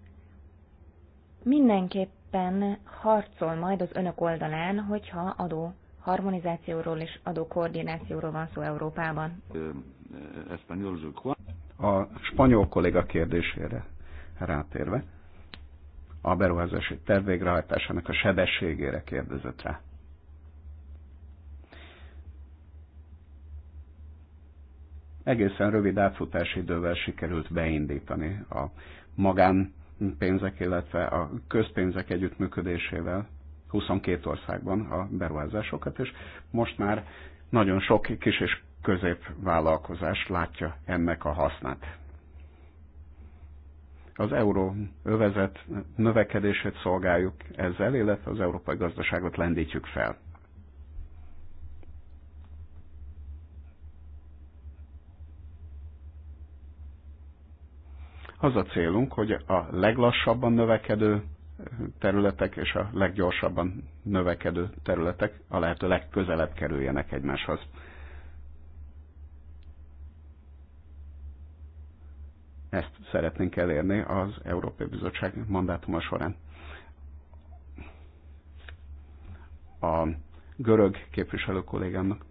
mindenképpen harcol majd az önök oldalán, hogyha adó harmonizációról és koordinációról van szó Európában. A spanyol kolléga kérdésére rátérve, a beruházási terv végrehajtásának a sebességére kérdezett rá. Egészen rövid átfutási idővel sikerült beindítani a magánpénzek, illetve a közpénzek együttműködésével 22 országban a beruházásokat, és most már nagyon sok kis és középvállalkozás látja ennek a hasznát az euró övezet növekedését szolgáljuk ezzel, illetve az európai gazdaságot lendítjük fel. Az a célunk, hogy a leglassabban növekedő területek és a leggyorsabban növekedő területek a lehető legközelebb kerüljenek egymáshoz. Ezt szeretnénk elérni az Európai Bizottság mandátuma során. A görög képviselő kollégámnak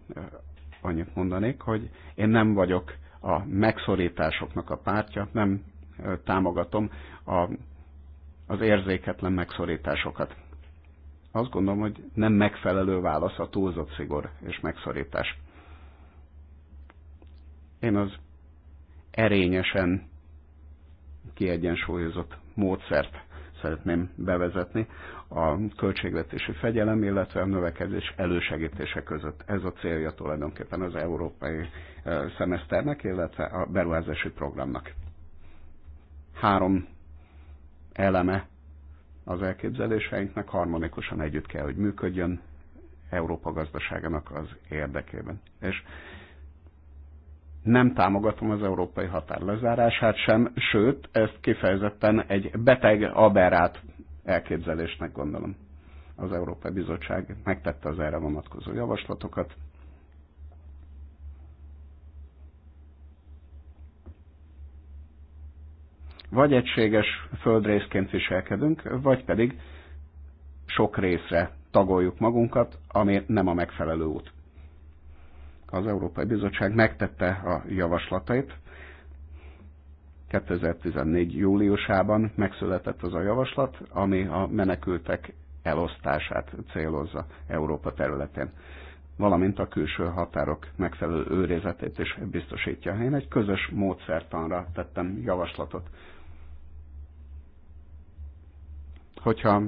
annyit mondanék, hogy én nem vagyok a megszorításoknak a pártja, nem támogatom a, az érzéketlen megszorításokat. Azt gondolom, hogy nem megfelelő válasz a túlzott szigor és megszorítás. Én az erényesen kiegyensúlyozott módszert szeretném bevezetni a költségvetési fegyelem, illetve a növekedés elősegítése között. Ez a célja tulajdonképpen az európai szemeszternek, illetve a beruházási programnak. Három eleme az elképzeléseinknek harmonikusan együtt kell, hogy működjön Európa gazdaságának az érdekében. És nem támogatom az európai határ lezárását sem, sőt, ezt kifejezetten egy beteg aberrát elképzelésnek gondolom. Az Európai Bizottság megtette az erre vonatkozó javaslatokat. Vagy egységes földrészként viselkedünk, vagy pedig sok részre tagoljuk magunkat, ami nem a megfelelő út az Európai Bizottság megtette a javaslatait. 2014. júliusában megszületett az a javaslat, ami a menekültek elosztását célozza Európa területén, valamint a külső határok megfelelő őrizetét is biztosítja. Én egy közös módszertanra tettem javaslatot. Hogyha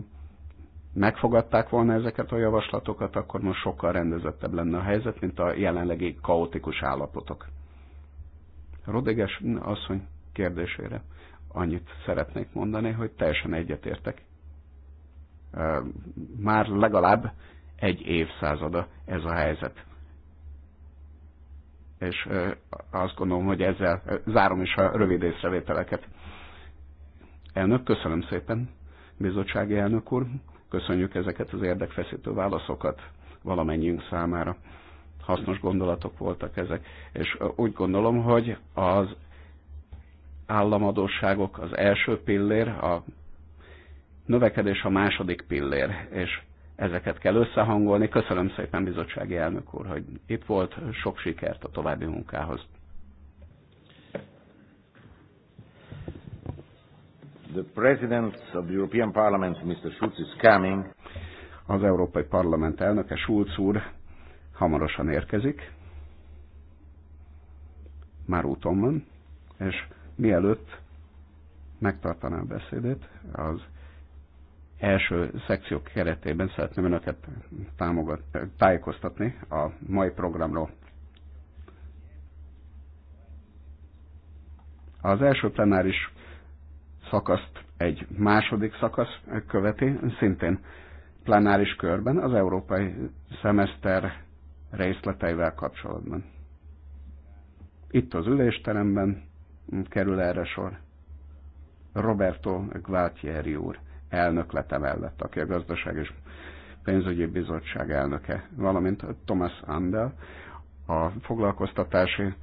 megfogadták volna ezeket a javaslatokat, akkor most sokkal rendezettebb lenne a helyzet, mint a jelenlegi kaotikus állapotok. Rodéges asszony kérdésére annyit szeretnék mondani, hogy teljesen egyetértek. Már legalább egy évszázada ez a helyzet. És azt gondolom, hogy ezzel zárom is a rövid észrevételeket. Elnök, köszönöm szépen, bizottsági elnök úr. Köszönjük ezeket az érdekfeszítő válaszokat valamennyiünk számára. Hasznos gondolatok voltak ezek, és úgy gondolom, hogy az államadóságok az első pillér, a növekedés a második pillér, és ezeket kell összehangolni. Köszönöm szépen bizottsági elnök úr, hogy itt volt, sok sikert a további munkához. The President of the European Parliament, Mr. Schulz is coming. Az Európai Parlament elnöke Schulz úr hamarosan érkezik. Már úton van, és mielőtt megtartaná a beszédét, az első szekciók keretében szeretném Önöket támogat, tájékoztatni a mai programról. Az első plenáris szakaszt egy második szakasz követi, szintén plenáris körben az európai szemeszter részleteivel kapcsolatban. Itt az ülésteremben kerül erre sor Roberto Gualtieri úr elnöklete mellett, aki a Gazdaság és Pénzügyi Bizottság elnöke, valamint Thomas Andel, a foglalkoztatási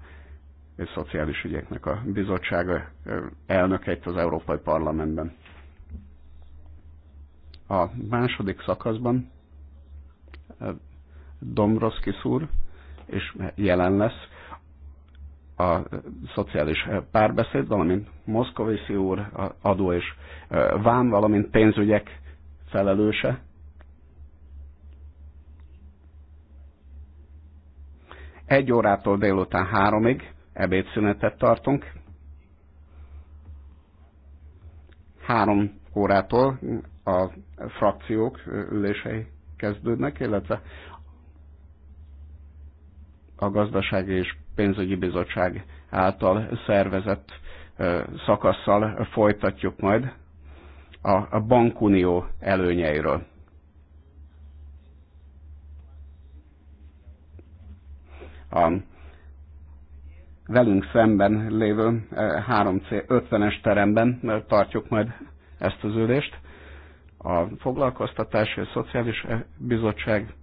és Szociális Ügyeknek a Bizottsága elnöke itt az Európai Parlamentben. A második szakaszban Dombrovskis úr, és jelen lesz a szociális párbeszéd, valamint Moszkovici úr adó és vám, valamint pénzügyek felelőse. Egy órától délután háromig ebédszünetet tartunk. Három órától a frakciók ülései kezdődnek, illetve a Gazdasági és Pénzügyi Bizottság által szervezett szakaszsal folytatjuk majd a bankunió előnyeiről. A velünk szemben lévő 350 eh, es teremben eh, tartjuk majd ezt az ülést. A Foglalkoztatási és Szociális eh, Bizottság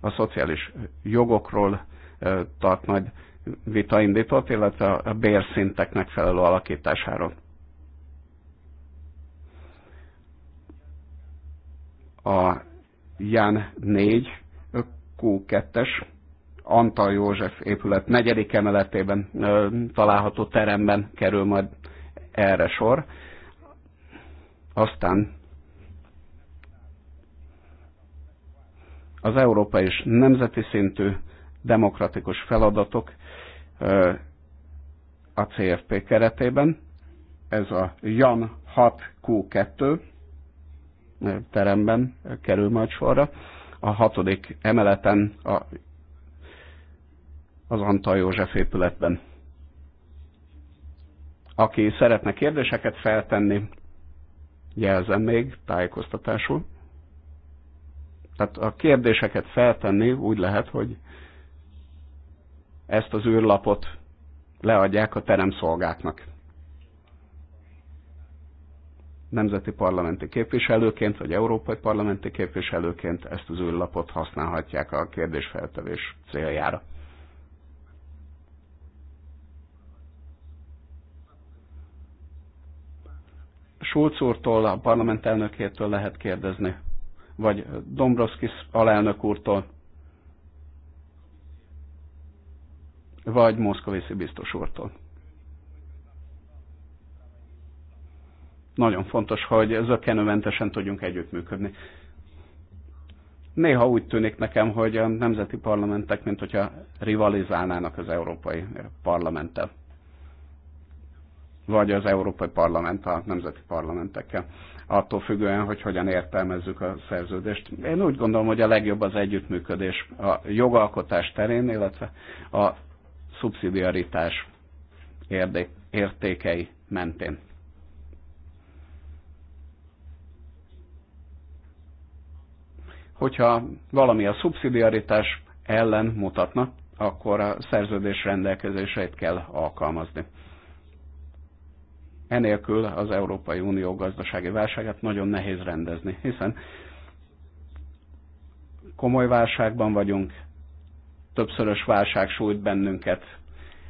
a szociális jogokról tart majd vitaindítót, illetve a bérszintek megfelelő alakításáról. A Ján 4 Q2-es Antal József épület negyedik emeletében található teremben kerül majd erre sor. Aztán az európai és nemzeti szintű demokratikus feladatok a CFP keretében. Ez a Jan 6Q2 teremben kerül majd sorra. A hatodik emeleten a az Antal József épületben. Aki szeretne kérdéseket feltenni, jelzem még tájékoztatásul. Tehát a kérdéseket feltenni úgy lehet, hogy ezt az űrlapot leadják a teremszolgáknak. Nemzeti parlamenti képviselőként, vagy európai parlamenti képviselőként ezt az űrlapot használhatják a kérdésfeltevés céljára. Schulz úrtól, a parlament elnökétől lehet kérdezni, vagy Dombrovskis alelnök úrtól, vagy Moszkvészi biztos úrtól. Nagyon fontos, hogy zökkenőmentesen tudjunk együttműködni. Néha úgy tűnik nekem, hogy a nemzeti parlamentek, mint hogyha rivalizálnának az európai parlamenttel vagy az Európai Parlament a nemzeti parlamentekkel, attól függően, hogy hogyan értelmezzük a szerződést. Én úgy gondolom, hogy a legjobb az együttműködés a jogalkotás terén, illetve a szubszidiaritás értékei mentén. Hogyha valami a szubszidiaritás ellen mutatna, akkor a szerződés rendelkezéseit kell alkalmazni Enélkül az Európai Unió gazdasági válságát nagyon nehéz rendezni, hiszen komoly válságban vagyunk, többszörös válság sújt bennünket,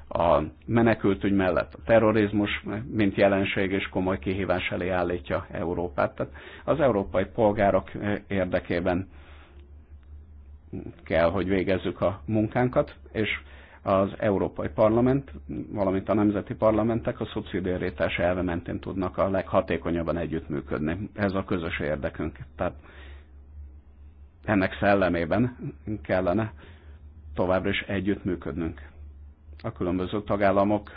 a menekültügy mellett a terrorizmus, mint jelenség és komoly kihívás elé állítja Európát. Tehát az európai polgárok eh, érdekében kell, hogy végezzük a munkánkat, és az Európai Parlament, valamint a nemzeti parlamentek a szubszidiaritás elve mentén tudnak a leghatékonyabban együttműködni. Ez a közös érdekünk. Tehát ennek szellemében kellene továbbra is együttműködnünk. A különböző tagállamok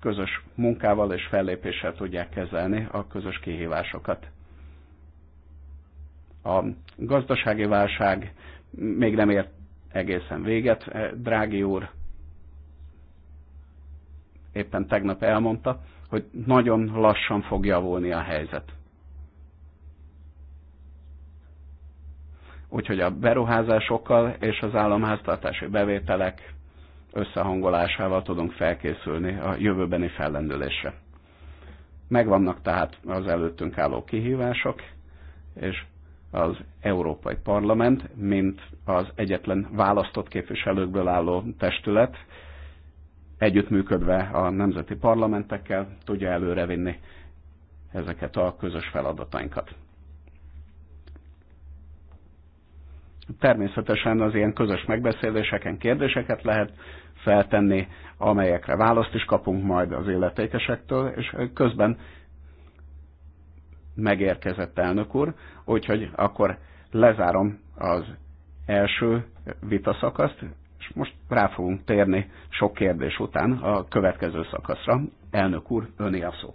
közös munkával és fellépéssel tudják kezelni a közös kihívásokat. A gazdasági válság még nem ért egészen véget. Eh, drági úr éppen tegnap elmondta, hogy nagyon lassan fog javulni a helyzet. Úgyhogy a beruházásokkal és az államháztartási bevételek összehangolásával tudunk felkészülni a jövőbeni fellendülésre. Megvannak tehát az előttünk álló kihívások, és az Európai Parlament, mint az egyetlen választott képviselőkből álló testület, együttműködve a nemzeti parlamentekkel tudja előrevinni ezeket a közös feladatainkat. Természetesen az ilyen közös megbeszéléseken kérdéseket lehet feltenni, amelyekre választ is kapunk majd az illetékesektől, és közben megérkezett elnök úr, úgyhogy akkor lezárom az első vitaszakaszt, és most rá fogunk térni sok kérdés után a következő szakaszra. Elnök úr, öné a szó.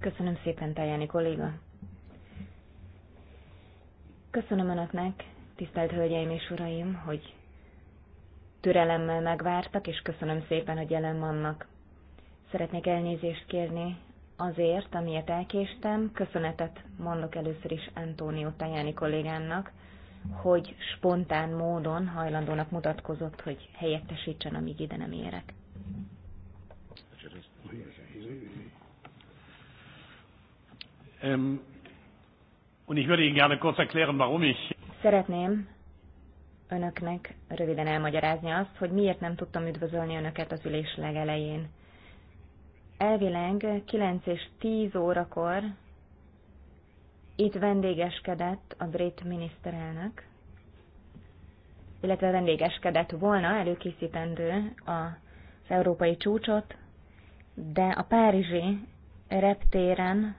Köszönöm szépen, Tajani kolléga. Köszönöm Önöknek, tisztelt Hölgyeim és Uraim, hogy türelemmel megvártak, és köszönöm szépen, hogy jelen vannak. Szeretnék elnézést kérni azért, amiért elkéstem. Köszönetet mondok először is Antonio Tajani kollégának, hogy spontán módon hajlandónak mutatkozott, hogy helyettesítsen, amíg ide nem érek. Ähm, Szeretném önöknek röviden elmagyarázni azt, hogy miért nem tudtam üdvözölni önöket az ülés legelején elvileg 9 és 10 órakor itt vendégeskedett a brit miniszterelnök, illetve vendégeskedett volna előkészítendő az európai csúcsot, de a párizsi reptéren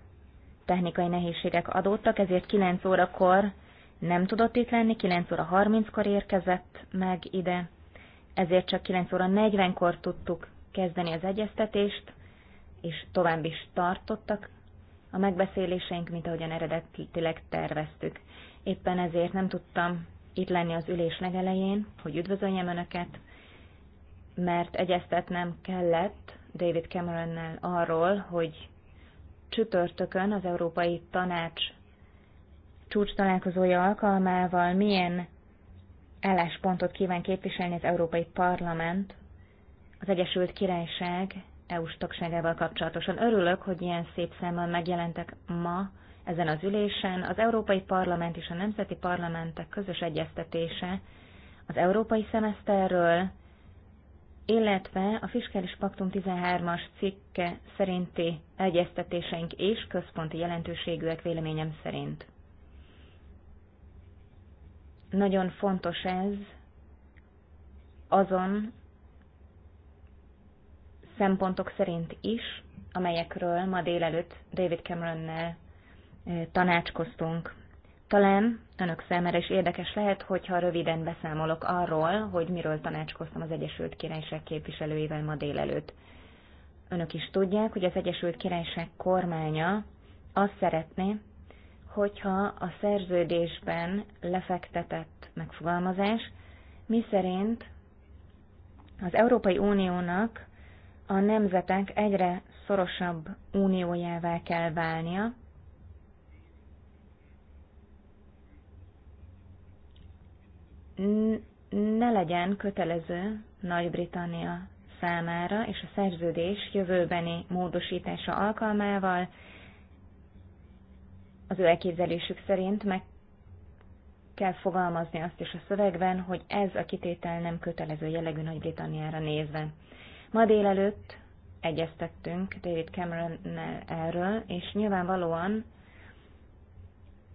technikai nehézségek adódtak, ezért 9 órakor nem tudott itt lenni, 9 óra 30-kor érkezett meg ide, ezért csak 9 óra 40-kor tudtuk kezdeni az egyeztetést, és tovább is tartottak a megbeszéléseink, mint ahogyan eredetileg terveztük. Éppen ezért nem tudtam itt lenni az ülés legelején, hogy üdvözöljem Önöket, mert egyeztetnem kellett David Cameronnel arról, hogy csütörtökön az Európai Tanács csúcs találkozója alkalmával milyen álláspontot kíván képviselni az Európai Parlament az Egyesült Királyság EU-s tagságával kapcsolatosan. Örülök, hogy ilyen szép szemmel megjelentek ma ezen az ülésen. Az Európai Parlament és a Nemzeti Parlamentek közös egyeztetése az európai szemeszterről, illetve a Fiskális Paktum 13-as cikke szerinti egyeztetéseink és központi jelentőségűek véleményem szerint. Nagyon fontos ez azon szempontok szerint is, amelyekről ma délelőtt David Cameronnel tanácskoztunk. Talán önök számára is érdekes lehet, hogyha röviden beszámolok arról, hogy miről tanácskoztam az Egyesült Királyság képviselőivel ma délelőtt. Önök is tudják, hogy az Egyesült Királyság kormánya azt szeretné, hogyha a szerződésben lefektetett megfogalmazás, miszerint az Európai Uniónak a nemzetek egyre szorosabb uniójává kell válnia, ne legyen kötelező Nagy-Britannia számára és a szerződés jövőbeni módosítása alkalmával az ő elképzelésük szerint meg kell fogalmazni azt is a szövegben, hogy ez a kitétel nem kötelező jellegű Nagy-Britanniára nézve. Ma délelőtt egyeztettünk David cameron erről, és nyilvánvalóan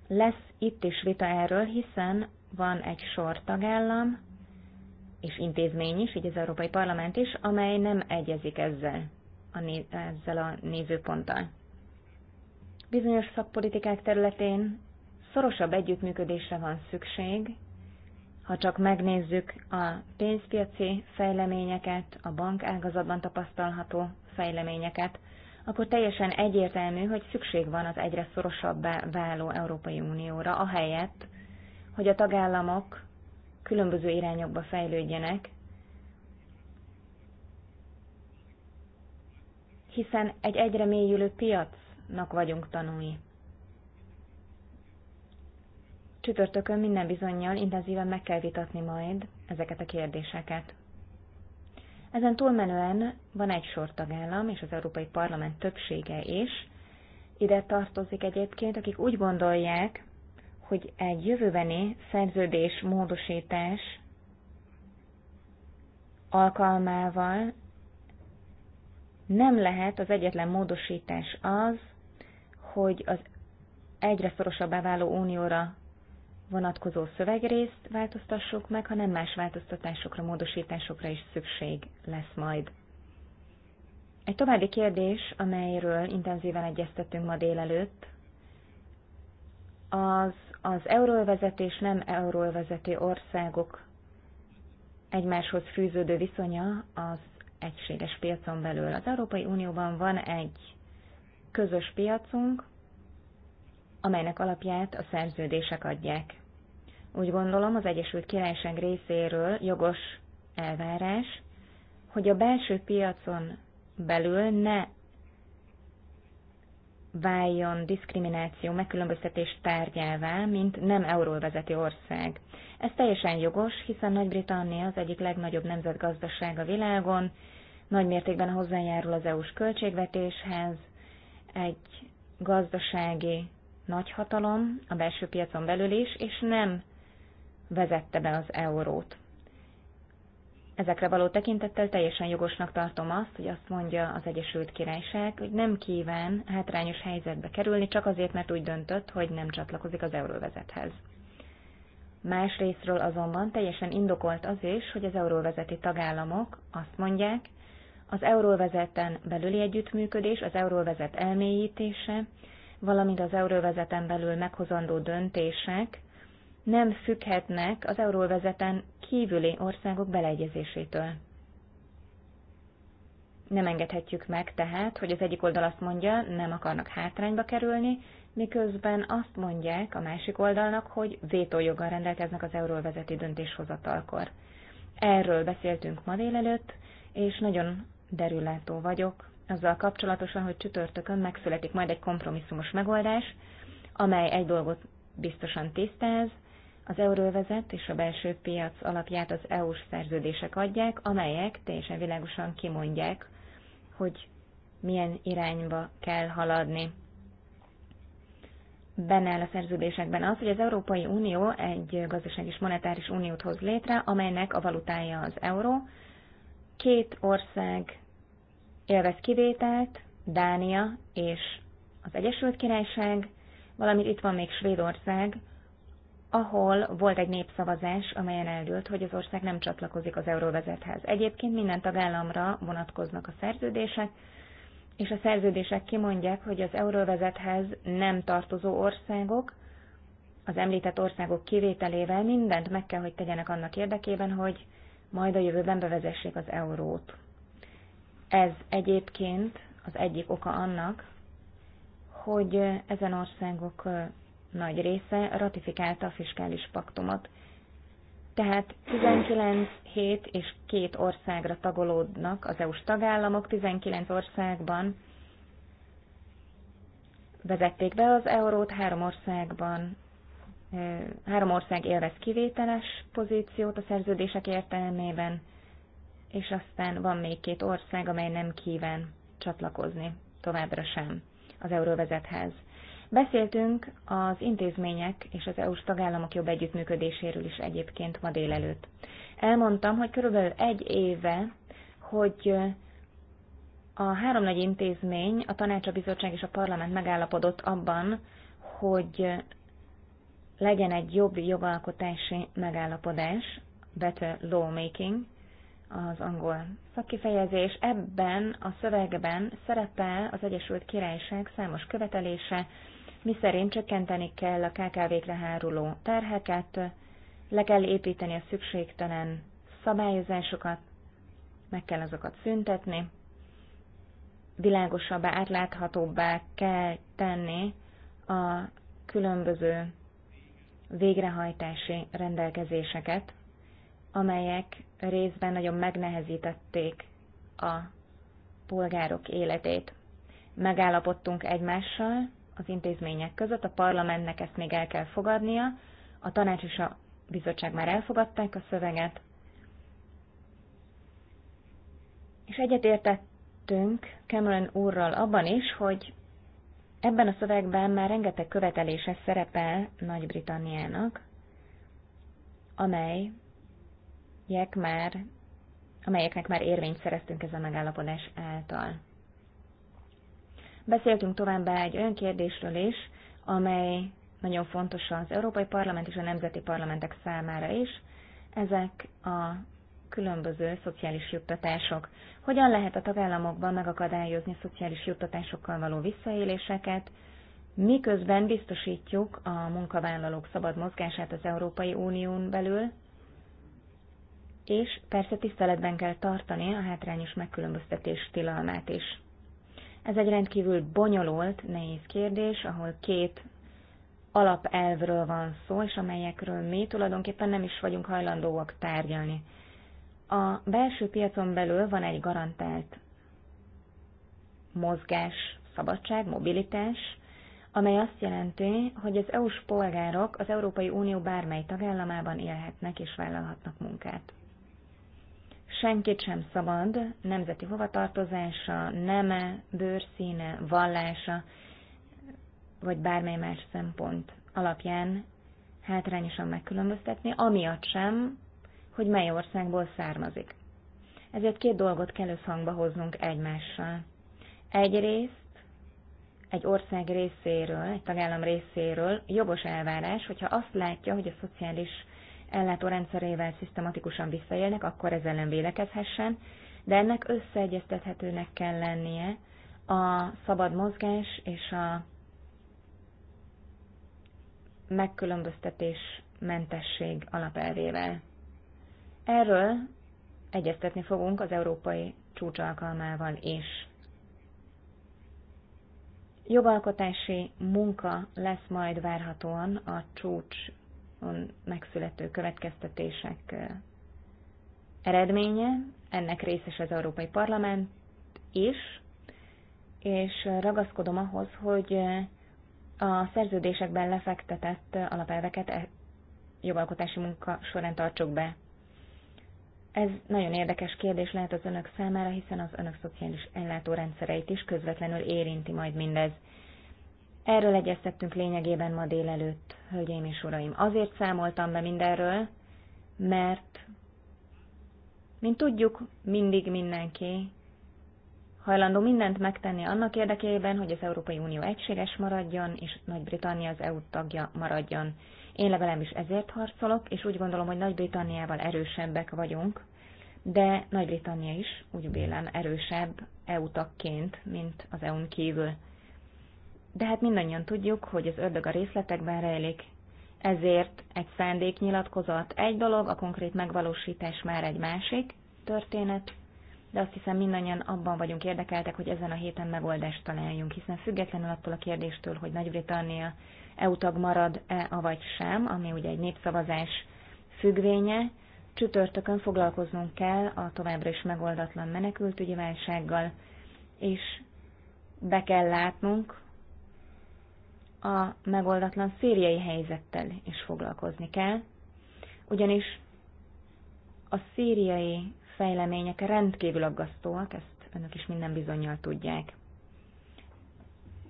lesz itt is vita erről, hiszen van egy sor tagállam és intézmény is, így az Európai Parlament is, amely nem egyezik ezzel a, ezzel a nézőponttal. Bizonyos szakpolitikák területén szorosabb együttműködésre van szükség, ha csak megnézzük a pénzpiaci fejleményeket, a bank ágazatban tapasztalható fejleményeket, akkor teljesen egyértelmű, hogy szükség van az egyre szorosabbá váló Európai Unióra, ahelyett, hogy a tagállamok különböző irányokba fejlődjenek, hiszen egy egyre mélyülő piacnak vagyunk tanúi. Csütörtökön minden bizonyal intenzíven meg kell vitatni majd ezeket a kérdéseket. Ezen túlmenően van egy sor tagállam, és az Európai Parlament többsége is. Ide tartozik egyébként, akik úgy gondolják, hogy egy jövőbeni szerződés módosítás alkalmával nem lehet az egyetlen módosítás az, hogy az egyre szorosabbá váló unióra vonatkozó szövegrészt változtassuk meg, hanem más változtatásokra, módosításokra is szükség lesz majd. Egy további kérdés, amelyről intenzíven egyeztettünk ma délelőtt, az az euróvezetés nem euróvezető országok egymáshoz fűződő viszonya az egységes piacon belül. Az Európai Unióban van egy közös piacunk, amelynek alapját a szerződések adják. Úgy gondolom az Egyesült Királyság részéről jogos elvárás, hogy a belső piacon belül ne váljon diszkrimináció, megkülönböztetés tárgyává, mint nem euróvezeti ország. Ez teljesen jogos, hiszen Nagy-Britannia az egyik legnagyobb nemzetgazdaság a világon, nagy mértékben hozzájárul az EU-s költségvetéshez, egy gazdasági nagyhatalom a belső piacon belül is, és nem vezette be az eurót. Ezekre való tekintettel teljesen jogosnak tartom azt, hogy azt mondja az Egyesült Királyság, hogy nem kíván hátrányos helyzetbe kerülni, csak azért, mert úgy döntött, hogy nem csatlakozik az euróvezethez. Más részről azonban teljesen indokolt az is, hogy az euróvezeti tagállamok azt mondják, az euróvezeten belüli együttműködés, az euróvezet elmélyítése, valamint az euróvezeten belül meghozandó döntések nem függhetnek az euróvezeten kívüli országok beleegyezésétől. Nem engedhetjük meg tehát, hogy az egyik oldal azt mondja, nem akarnak hátrányba kerülni, miközben azt mondják a másik oldalnak, hogy vétójoggal rendelkeznek az euróvezeti döntéshozatalkor. Erről beszéltünk ma délelőtt, és nagyon derülátó vagyok azzal kapcsolatosan, hogy csütörtökön megszületik majd egy kompromisszumos megoldás, amely egy dolgot biztosan tisztáz, az euróvezet és a belső piac alapját az EU-s szerződések adják, amelyek teljesen világosan kimondják, hogy milyen irányba kell haladni. Benne áll a szerződésekben az, hogy az Európai Unió egy gazdaság és monetáris uniót hoz létre, amelynek a valutája az euró. Két ország élvez kivételt, Dánia és az Egyesült Királyság, valamint itt van még Svédország, ahol volt egy népszavazás, amelyen eldőlt, hogy az ország nem csatlakozik az euróvezethez. Egyébként minden tagállamra vonatkoznak a szerződések, és a szerződések kimondják, hogy az euróvezethez nem tartozó országok, az említett országok kivételével mindent meg kell, hogy tegyenek annak érdekében, hogy majd a jövőben bevezessék az eurót. Ez egyébként az egyik oka annak, hogy ezen országok nagy része ratifikálta a fiskális paktumot. Tehát 19 hét és két országra tagolódnak az EU-s tagállamok, 19 országban vezették be az eurót, három országban három ország élvez kivételes pozíciót a szerződések értelmében, és aztán van még két ország, amely nem kíván csatlakozni továbbra sem az Euróvezethez. Beszéltünk az intézmények és az EU-s tagállamok jobb együttműködéséről is egyébként ma délelőtt. Elmondtam, hogy körülbelül egy éve, hogy a három nagy intézmény, a tanács, a bizottság és a parlament megállapodott abban, hogy legyen egy jobb jogalkotási megállapodás, better lawmaking, az angol szakkifejezés. Ebben a szövegben szerepel az Egyesült Királyság számos követelése, miszerint csökkenteni kell a KKV-kre háruló terheket, le kell építeni a szükségtelen szabályozásokat, meg kell azokat szüntetni, világosabbá, átláthatóbbá kell tenni a különböző végrehajtási rendelkezéseket, amelyek részben nagyon megnehezítették a polgárok életét. Megállapodtunk egymással, az intézmények között. A parlamentnek ezt még el kell fogadnia, a tanács és a bizottság már elfogadták a szöveget, és egyetértettünk Cameron úrral abban is, hogy ebben a szövegben már rengeteg követelése szerepel Nagy-Britanniának, amelyek már, amelyeknek már érvényt szereztünk a megállapodás által. Beszéltünk továbbá egy olyan kérdésről is, amely nagyon fontos az Európai Parlament és a nemzeti parlamentek számára is. Ezek a különböző szociális juttatások. Hogyan lehet a tagállamokban megakadályozni a szociális juttatásokkal való visszaéléseket, miközben biztosítjuk a munkavállalók szabad mozgását az Európai Unión belül, és persze tiszteletben kell tartani a hátrányos megkülönböztetés tilalmát is. Ez egy rendkívül bonyolult, nehéz kérdés, ahol két alapelvről van szó, és amelyekről mi tulajdonképpen nem is vagyunk hajlandóak tárgyalni. A belső piacon belül van egy garantált mozgás, szabadság, mobilitás, amely azt jelenti, hogy az EU-s polgárok az Európai Unió bármely tagállamában élhetnek és vállalhatnak munkát senkit sem szabad nemzeti hovatartozása, neme, bőrszíne, vallása, vagy bármely más szempont alapján hátrányosan megkülönböztetni, amiatt sem, hogy mely országból származik. Ezért két dolgot kell összhangba hoznunk egymással. Egyrészt egy ország részéről, egy tagállam részéről jogos elvárás, hogyha azt látja, hogy a szociális ellátórendszerével szisztematikusan visszaélnek, akkor ezzel ellen vélekezhessen, de ennek összeegyeztethetőnek kell lennie a szabad mozgás és a megkülönböztetés mentesség alapelvével. Erről egyeztetni fogunk az európai csúcs alkalmával is. Jogalkotási munka lesz majd várhatóan a csúcs megszülető következtetések eredménye, ennek részes az Európai Parlament is, és ragaszkodom ahhoz, hogy a szerződésekben lefektetett alapelveket e-, jogalkotási munka során tartsuk be. Ez nagyon érdekes kérdés lehet az önök számára, hiszen az önök szociális ellátórendszereit is közvetlenül érinti majd mindez. Erről egyeztettünk lényegében ma délelőtt, hölgyeim és uraim. Azért számoltam be mindenről, mert, mint tudjuk, mindig mindenki hajlandó mindent megtenni annak érdekében, hogy az Európai Unió egységes maradjon, és Nagy-Britannia az EU tagja maradjon. Én legalábbis ezért harcolok, és úgy gondolom, hogy Nagy-Britanniával erősebbek vagyunk, de Nagy-Britannia is úgy vélem erősebb EU tagként, mint az EU-n kívül de hát mindannyian tudjuk, hogy az ördög a részletekben rejlik. Ezért egy szándéknyilatkozat egy dolog, a konkrét megvalósítás már egy másik történet, de azt hiszem mindannyian abban vagyunk érdekeltek, hogy ezen a héten megoldást találjunk, hiszen függetlenül attól a kérdéstől, hogy Nagy-Britannia EU tag marad-e, avagy sem, ami ugye egy népszavazás függvénye, csütörtökön foglalkoznunk kell a továbbra is megoldatlan menekültügyi válsággal, és be kell látnunk, a megoldatlan szériai helyzettel is foglalkozni kell, ugyanis a szíriai fejlemények rendkívül aggasztóak, ezt önök is minden bizonyal tudják.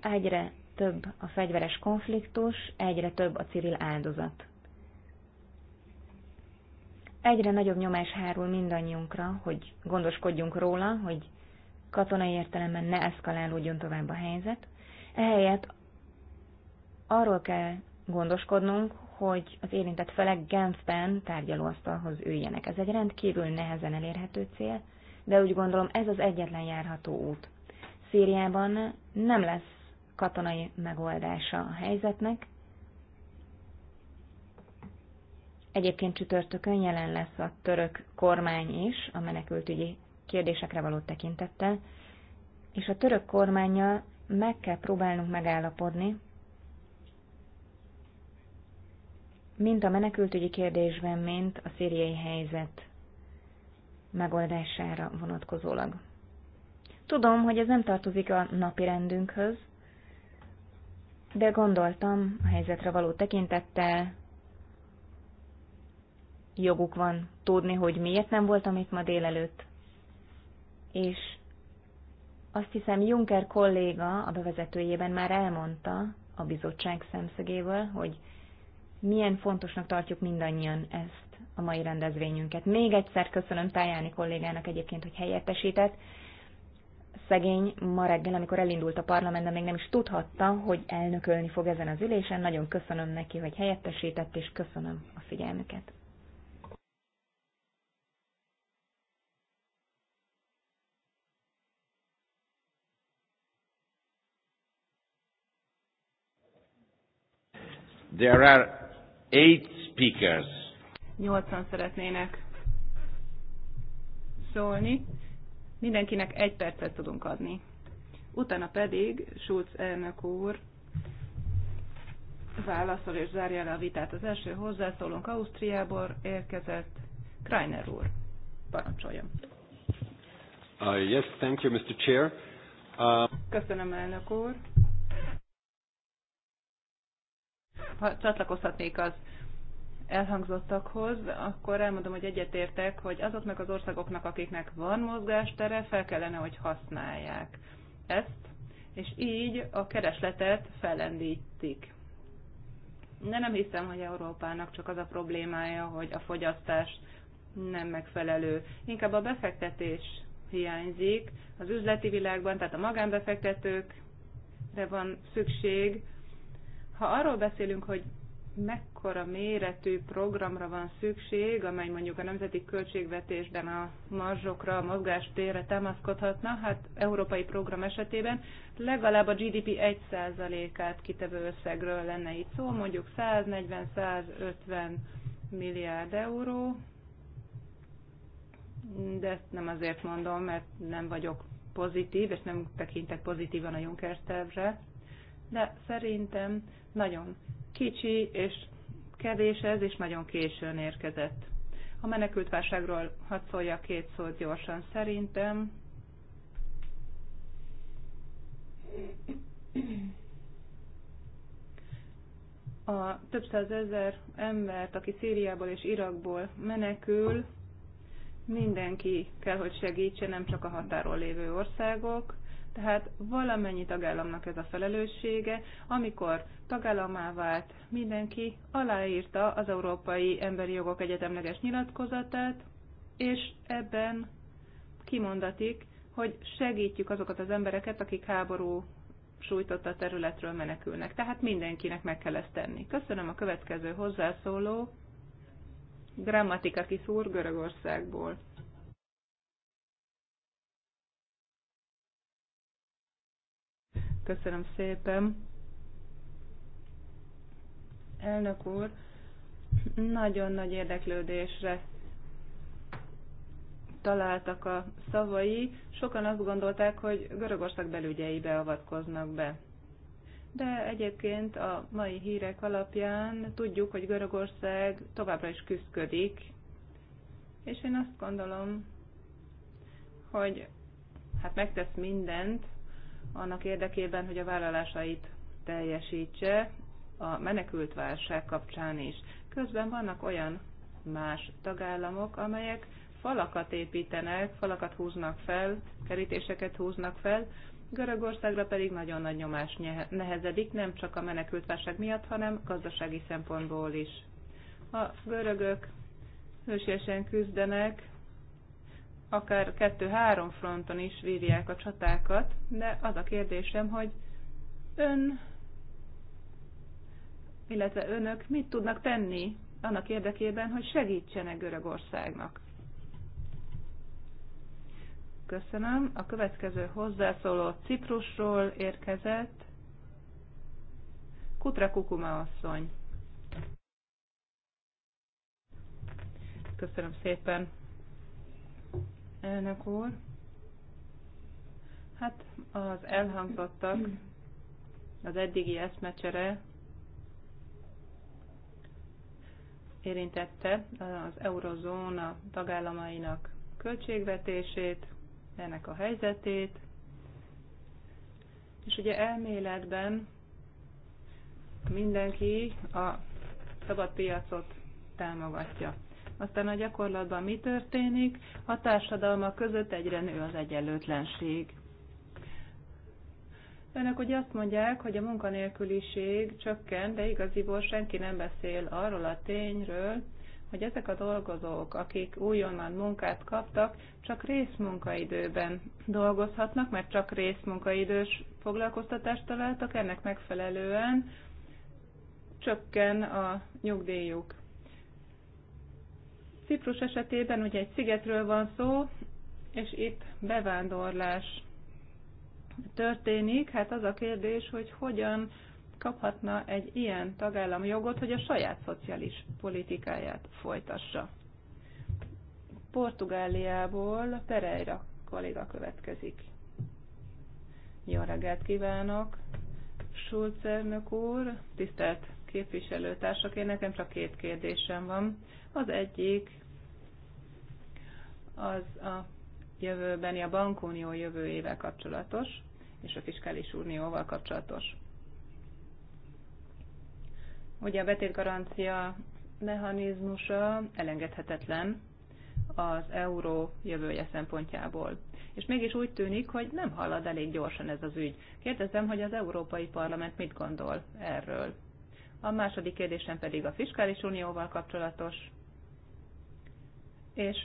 Egyre több a fegyveres konfliktus, egyre több a civil áldozat. Egyre nagyobb nyomás hárul mindannyiunkra, hogy gondoskodjunk róla, hogy katonai értelemben ne eszkalálódjon tovább a helyzet, ehelyett arról kell gondoskodnunk, hogy az érintett felek Genfben tárgyalóasztalhoz üljenek. Ez egy rendkívül nehezen elérhető cél, de úgy gondolom ez az egyetlen járható út. Szíriában nem lesz katonai megoldása a helyzetnek. Egyébként csütörtökön jelen lesz a török kormány is a menekültügyi kérdésekre való tekintettel, és a török kormányjal meg kell próbálnunk megállapodni, Mint a menekültügyi kérdésben, mint a szíriai helyzet megoldására vonatkozólag. Tudom, hogy ez nem tartozik a napi rendünkhöz, de gondoltam a helyzetre való tekintettel, joguk van tudni, hogy miért nem voltam itt ma délelőtt. És azt hiszem Juncker kolléga a bevezetőjében már elmondta a bizottság szemszögéből, hogy milyen fontosnak tartjuk mindannyian ezt a mai rendezvényünket. Még egyszer köszönöm Tájáni kollégának egyébként, hogy helyettesített. Szegény ma reggel, amikor elindult a parlament, de még nem is tudhatta, hogy elnökölni fog ezen az ülésen. Nagyon köszönöm neki, hogy helyettesített, és köszönöm a figyelmüket. There are eight speakers. Nyolcan szeretnének szólni. Mindenkinek egy percet tudunk adni. Utána pedig Schulz elnök úr válaszol és zárja le a vitát. Az első hozzászólónk Ausztriából érkezett Kreiner úr. Parancsoljon. Uh, yes, thank you, Mr. Chair. Uh... Köszönöm, elnök úr. ha csatlakozhatnék az elhangzottakhoz, akkor elmondom, hogy egyetértek, hogy azoknak az országoknak, akiknek van mozgástere, fel kellene, hogy használják ezt, és így a keresletet fellendítik. De nem hiszem, hogy Európának csak az a problémája, hogy a fogyasztás nem megfelelő. Inkább a befektetés hiányzik az üzleti világban, tehát a magánbefektetőkre van szükség, ha arról beszélünk, hogy mekkora méretű programra van szükség, amely mondjuk a nemzeti költségvetésben a marzsokra, a mozgástérre támaszkodhatna, hát európai program esetében legalább a GDP 1%-át kitevő összegről lenne itt szó, mondjuk 140-150 milliárd euró, de ezt nem azért mondom, mert nem vagyok pozitív, és nem tekintek pozitívan a Juncker tervre, de szerintem nagyon kicsi és kevés ez, és nagyon későn érkezett. A menekültválságról hadd szólja két szót gyorsan szerintem. A több százezer embert, aki Szíriából és Irakból menekül, mindenki kell, hogy segítse, nem csak a határon lévő országok. Tehát valamennyi tagállamnak ez a felelőssége, amikor tagállamá vált mindenki, aláírta az Európai Emberi Jogok Egyetemleges nyilatkozatát, és ebben kimondatik, hogy segítjük azokat az embereket, akik háború sújtotta a területről menekülnek. Tehát mindenkinek meg kell ezt tenni. Köszönöm a következő hozzászóló, Grammatika Kiszúr Görögországból. Köszönöm szépen. Elnök úr, nagyon nagy érdeklődésre találtak a szavai. Sokan azt gondolták, hogy Görögország belügyeibe avatkoznak be. De egyébként a mai hírek alapján tudjuk, hogy Görögország továbbra is küzdködik, és én azt gondolom, hogy hát megtesz mindent, annak érdekében, hogy a vállalásait teljesítse a menekült válság kapcsán is. Közben vannak olyan más tagállamok, amelyek falakat építenek, falakat húznak fel, kerítéseket húznak fel, Görögországra pedig nagyon nagy nyomás nehezedik, nem csak a menekültválság miatt, hanem gazdasági szempontból is. A görögök hősiesen küzdenek akár kettő-három fronton is vívják a csatákat, de az a kérdésem, hogy ön, illetve önök mit tudnak tenni annak érdekében, hogy segítsenek Görögországnak? Köszönöm. A következő hozzászóló Ciprusról érkezett Kutra Kukuma asszony. Köszönöm szépen elnök úr. Hát az elhangzottak, az eddigi eszmecsere érintette az eurozóna tagállamainak költségvetését, ennek a helyzetét, és ugye elméletben mindenki a szabad piacot támogatja aztán a gyakorlatban mi történik, a társadalma között egyre nő az egyenlőtlenség. Önök ugye azt mondják, hogy a munkanélküliség csökken, de igaziból senki nem beszél arról a tényről, hogy ezek a dolgozók, akik újonnan munkát kaptak, csak részmunkaidőben dolgozhatnak, mert csak részmunkaidős foglalkoztatást találtak, ennek megfelelően csökken a nyugdíjuk. Ciprus esetében ugye egy szigetről van szó, és itt bevándorlás történik. Hát az a kérdés, hogy hogyan kaphatna egy ilyen tagállam jogot, hogy a saját szociális politikáját folytassa. Portugáliából Pereira kolléga következik. Jó reggelt kívánok! Schulz elnök úr, tisztelt képviselőtársak, én nekem csak két kérdésem van. Az egyik az a jövőbeni, a bankunió jövőjével kapcsolatos, és a fiskális unióval kapcsolatos. Ugye a betétgarancia mechanizmusa elengedhetetlen az euró jövője szempontjából. És mégis úgy tűnik, hogy nem halad elég gyorsan ez az ügy. Kérdezem, hogy az Európai Parlament mit gondol erről. A második kérdésem pedig a fiskális unióval kapcsolatos, és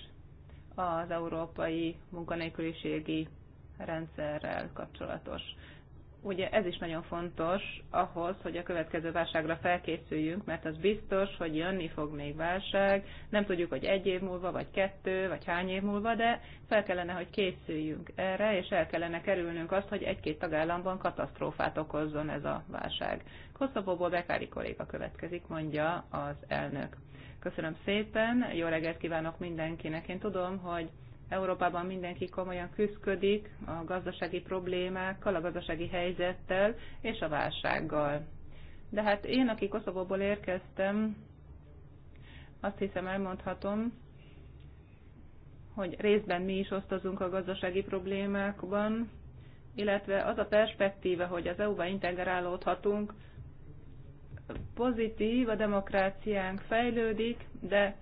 az európai munkanélküliségi rendszerrel kapcsolatos. Ugye ez is nagyon fontos ahhoz, hogy a következő válságra felkészüljünk, mert az biztos, hogy jönni fog még válság. Nem tudjuk, hogy egy év múlva, vagy kettő, vagy hány év múlva, de fel kellene, hogy készüljünk erre, és el kellene kerülnünk azt, hogy egy-két tagállamban katasztrófát okozzon ez a válság. Koszovóból Bekári kolléga következik, mondja az elnök. Köszönöm szépen, jó reggelt kívánok mindenkinek. Én tudom, hogy Európában mindenki komolyan küzdik a gazdasági problémákkal, a gazdasági helyzettel és a válsággal. De hát én, aki Koszovóból érkeztem, azt hiszem elmondhatom, hogy részben mi is osztozunk a gazdasági problémákban, illetve az a perspektíve, hogy az EU-ba integrálódhatunk, pozitív, a demokráciánk fejlődik, de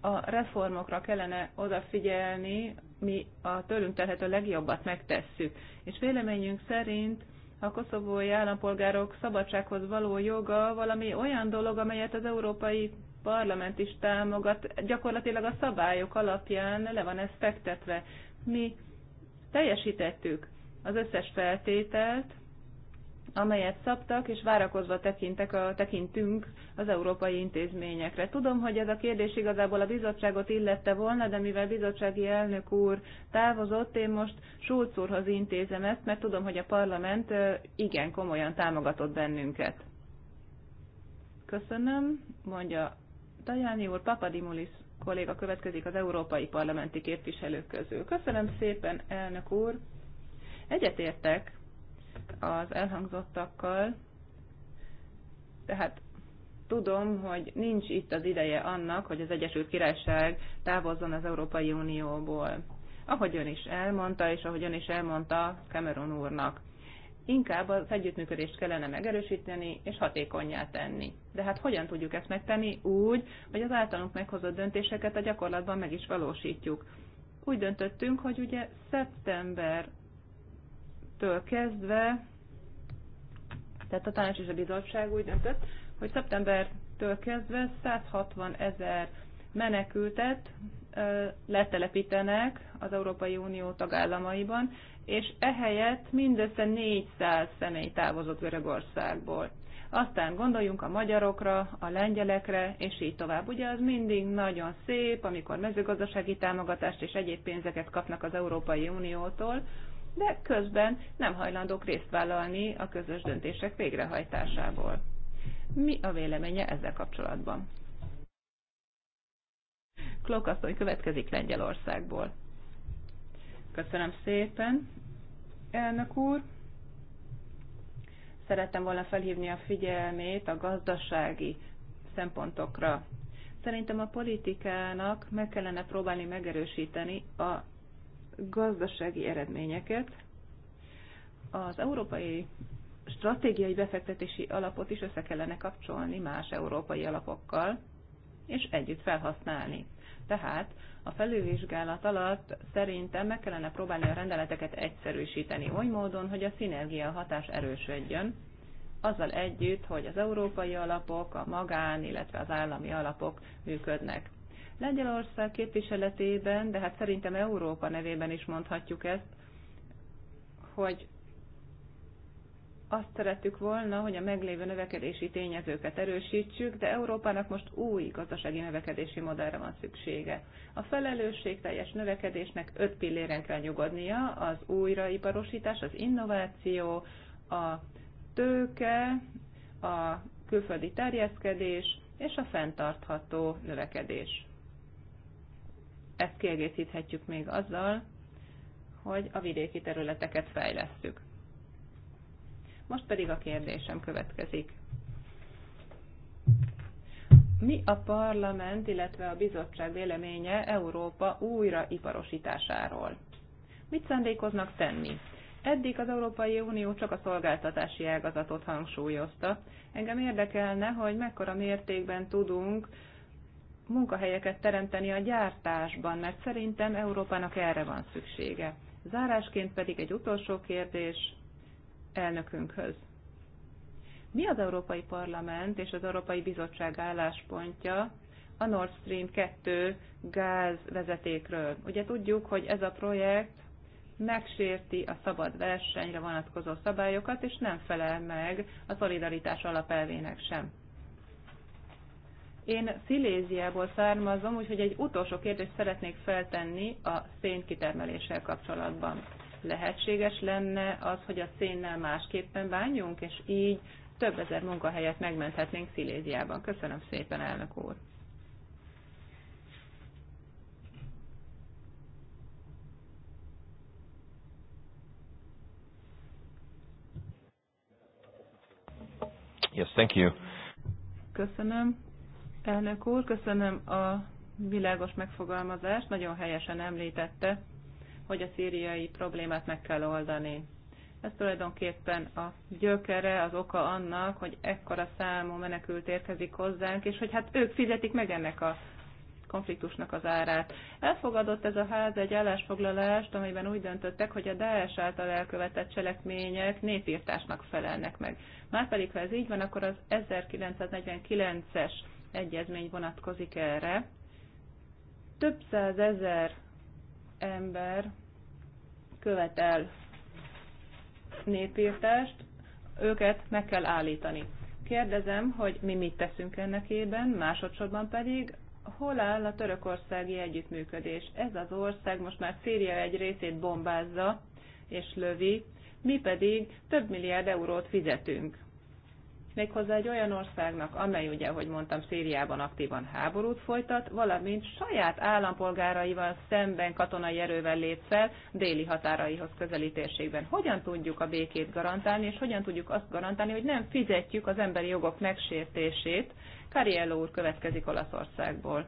a reformokra kellene odafigyelni, mi a tőlünk telhető legjobbat megtesszük. És véleményünk szerint a koszovói állampolgárok szabadsághoz való joga valami olyan dolog, amelyet az Európai Parlament is támogat, gyakorlatilag a szabályok alapján le van ez fektetve. Mi teljesítettük az összes feltételt, amelyet szabtak, és várakozva tekintek a, tekintünk az európai intézményekre. Tudom, hogy ez a kérdés igazából a bizottságot illette volna, de mivel bizottsági elnök úr távozott, én most Schulz úrhoz intézem ezt, mert tudom, hogy a parlament igen komolyan támogatott bennünket. Köszönöm, mondja Tajáni úr, Papadimulis kolléga következik az európai parlamenti képviselők közül. Köszönöm szépen, elnök úr. Egyetértek egyetértek az elhangzottakkal, tehát tudom, hogy nincs itt az ideje annak, hogy az Egyesült Királyság távozzon az Európai Unióból. Ahogy ön is elmondta, és ahogy ön is elmondta Cameron úrnak. Inkább az együttműködést kellene megerősíteni és hatékonyá tenni. De hát hogyan tudjuk ezt megtenni? Úgy, hogy az általunk meghozott döntéseket a gyakorlatban meg is valósítjuk. Úgy döntöttünk, hogy ugye szeptember től kezdve, tehát a tanács és a bizottság úgy döntött, hogy szeptembertől kezdve 160 ezer menekültet letelepítenek az Európai Unió tagállamaiban, és ehelyett mindössze 400 személy távozott Görögországból. Aztán gondoljunk a magyarokra, a lengyelekre, és így tovább. Ugye az mindig nagyon szép, amikor mezőgazdasági támogatást és egyéb pénzeket kapnak az Európai Uniótól, de közben nem hajlandók részt vállalni a közös döntések végrehajtásából. Mi a véleménye ezzel kapcsolatban? Klokasszony következik Lengyelországból. Köszönöm szépen, elnök úr. Szerettem volna felhívni a figyelmét a gazdasági szempontokra. Szerintem a politikának meg kellene próbálni megerősíteni a gazdasági eredményeket. Az európai stratégiai befektetési alapot is össze kellene kapcsolni más európai alapokkal, és együtt felhasználni. Tehát a felülvizsgálat alatt szerintem meg kellene próbálni a rendeleteket egyszerűsíteni oly módon, hogy a szinergia hatás erősödjön, azzal együtt, hogy az európai alapok, a magán, illetve az állami alapok működnek Lengyelország képviseletében, de hát szerintem Európa nevében is mondhatjuk ezt, hogy azt szerettük volna, hogy a meglévő növekedési tényezőket erősítsük, de Európának most új gazdasági növekedési modellre van szüksége. A felelősség teljes növekedésnek öt pilléren kell nyugodnia, az újraiparosítás, az innováció, a tőke, a külföldi terjeszkedés és a fenntartható növekedés ezt kiegészíthetjük még azzal, hogy a vidéki területeket fejlesztük. Most pedig a kérdésem következik. Mi a parlament, illetve a bizottság véleménye Európa újraiparosításáról? Mit szándékoznak tenni? Eddig az Európai Unió csak a szolgáltatási ágazatot hangsúlyozta. Engem érdekelne, hogy mekkora mértékben tudunk munkahelyeket teremteni a gyártásban, mert szerintem Európának erre van szüksége. Zárásként pedig egy utolsó kérdés elnökünkhöz. Mi az Európai Parlament és az Európai Bizottság álláspontja a Nord Stream 2 gázvezetékről? Ugye tudjuk, hogy ez a projekt megsérti a szabad versenyre vonatkozó szabályokat, és nem felel meg a szolidaritás alapelvének sem. Én Sziléziából származom, úgyhogy egy utolsó kérdést szeretnék feltenni a szén kitermeléssel kapcsolatban. Lehetséges lenne az, hogy a szénnel másképpen bánjunk, és így több ezer munkahelyet megmenthetnénk Sziléziában. Köszönöm szépen, elnök úr! Yes, thank you. Köszönöm. Elnök úr, köszönöm a világos megfogalmazást. Nagyon helyesen említette, hogy a szíriai problémát meg kell oldani. Ez tulajdonképpen a gyökere, az oka annak, hogy ekkora számú menekült érkezik hozzánk, és hogy hát ők fizetik meg ennek a konfliktusnak az árát. Elfogadott ez a ház egy állásfoglalást, amelyben úgy döntöttek, hogy a Daesh által elkövetett cselekmények népírtásnak felelnek meg. Márpedig, ha ez így van, akkor az 1949-es egyezmény vonatkozik erre. Több százezer ember követel népírtást, őket meg kell állítani. Kérdezem, hogy mi mit teszünk ennek ében, másodszorban pedig hol áll a törökországi együttműködés? Ez az ország most már Szíria egy részét bombázza és lövi, mi pedig több milliárd eurót fizetünk méghozzá egy olyan országnak, amely ugye, hogy mondtam, Szíriában aktívan háborút folytat, valamint saját állampolgáraival szemben katonai erővel lép fel déli határaihoz közeli térségben. Hogyan tudjuk a békét garantálni, és hogyan tudjuk azt garantálni, hogy nem fizetjük az emberi jogok megsértését? Cariello úr következik Olaszországból.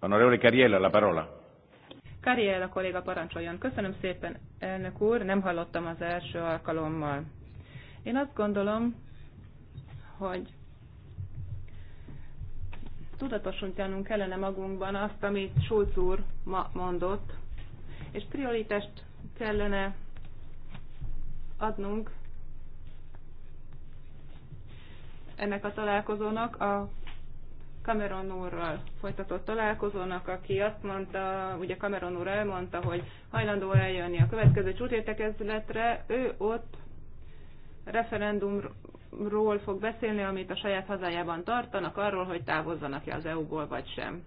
Onorevole Cariello, la parola. Kariel a kolléga parancsoljon. Köszönöm szépen, elnök úr, nem hallottam az első alkalommal. Én azt gondolom, hogy tudatosítanunk kellene magunkban azt, amit Schulz úr ma mondott, és prioritást kellene adnunk ennek a találkozónak a Cameron úrral folytatott találkozónak, aki azt mondta, ugye Cameron úr elmondta, hogy hajlandó eljönni a következő csúcsértekezletre, ő ott referendumról fog beszélni, amit a saját hazájában tartanak, arról, hogy távozzanak-e az EU-ból vagy sem.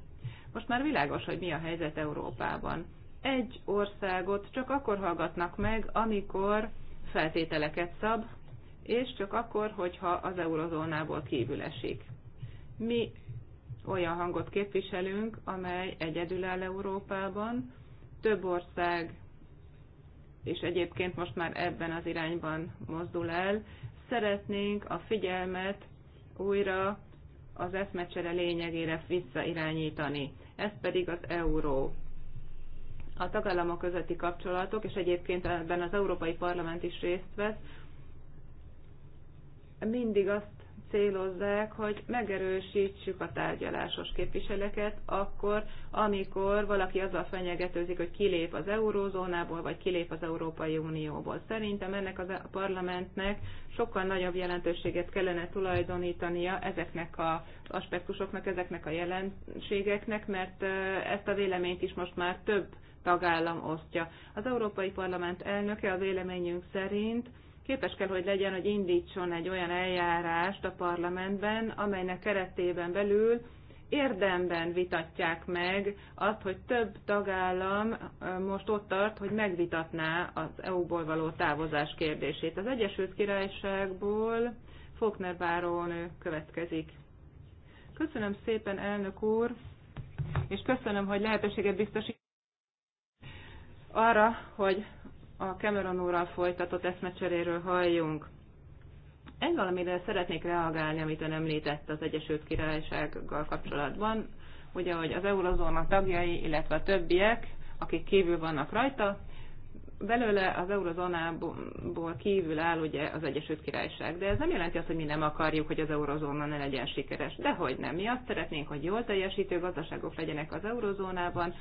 Most már világos, hogy mi a helyzet Európában. Egy országot csak akkor hallgatnak meg, amikor feltételeket szab, és csak akkor, hogyha az eurozónából kívül esik. Mi olyan hangot képviselünk, amely egyedül áll Európában. Több ország, és egyébként most már ebben az irányban mozdul el, szeretnénk a figyelmet újra az eszmecsere lényegére visszairányítani. Ez pedig az euró. A tagállamok közötti kapcsolatok, és egyébként ebben az Európai Parlament is részt vesz, mindig azt célozzák, hogy megerősítsük a tárgyalásos képviseleket akkor, amikor valaki azzal fenyegetőzik, hogy kilép az eurózónából, vagy kilép az Európai Unióból. Szerintem ennek a parlamentnek sokkal nagyobb jelentőséget kellene tulajdonítania ezeknek az aspektusoknak, ezeknek a jelenségeknek, mert ezt a véleményt is most már több tagállam osztja. Az Európai Parlament elnöke a véleményünk szerint képes kell, hogy legyen, hogy indítson egy olyan eljárást a parlamentben, amelynek keretében belül érdemben vitatják meg azt, hogy több tagállam most ott tart, hogy megvitatná az EU-ból való távozás kérdését. Az Egyesült Királyságból Fokner bárónő következik. Köszönöm szépen, elnök úr, és köszönöm, hogy lehetőséget biztosít arra, hogy a Cameron úrral folytatott eszmecseréről halljunk. Egy valamire szeretnék reagálni, amit ön említett az Egyesült Királysággal kapcsolatban. Ugye, hogy az eurozóna tagjai, illetve a többiek, akik kívül vannak rajta, belőle az eurozónából kívül áll ugye az Egyesült Királyság. De ez nem jelenti azt, hogy mi nem akarjuk, hogy az eurozóna ne legyen sikeres. Dehogy nem. Mi azt szeretnénk, hogy jól teljesítő gazdaságok legyenek az eurozónában,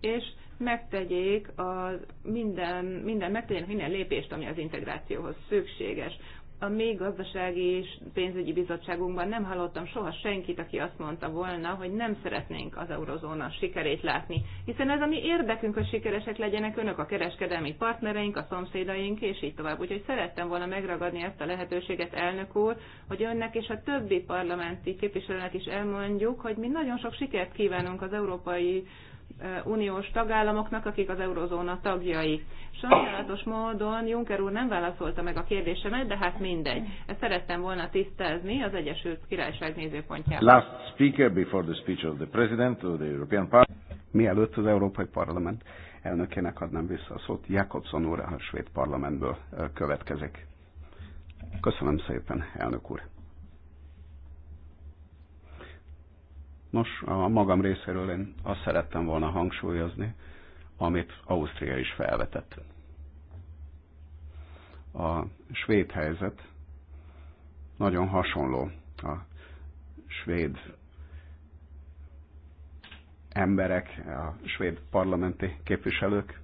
és megtegyék a minden, minden, megtegyék minden lépést, ami az integrációhoz szükséges. A mi gazdasági és pénzügyi bizottságunkban nem hallottam soha senkit, aki azt mondta volna, hogy nem szeretnénk az eurozóna sikerét látni, hiszen ez a mi érdekünk, hogy sikeresek legyenek önök, a kereskedelmi partnereink, a szomszédaink, és így tovább. Úgyhogy szerettem volna megragadni ezt a lehetőséget, elnök úr, hogy önnek és a többi parlamenti képviselőnek is elmondjuk, hogy mi nagyon sok sikert kívánunk az európai uniós tagállamoknak, akik az eurozóna tagjai. Sajnálatos módon Juncker úr nem válaszolta meg a kérdésemet, de hát mindegy. Ezt szerettem volna tisztázni az Egyesült Királyság nézőpontjában. Last speaker before the speech of the President of the European Parliament. Mielőtt az Európai Parlament elnökének adnám vissza a szót, Jakobson úr a svéd parlamentből következik. Köszönöm szépen, elnök úr. Nos, a magam részéről én azt szerettem volna hangsúlyozni, amit Ausztria is felvetett. A svéd helyzet nagyon hasonló a svéd emberek, a svéd parlamenti képviselők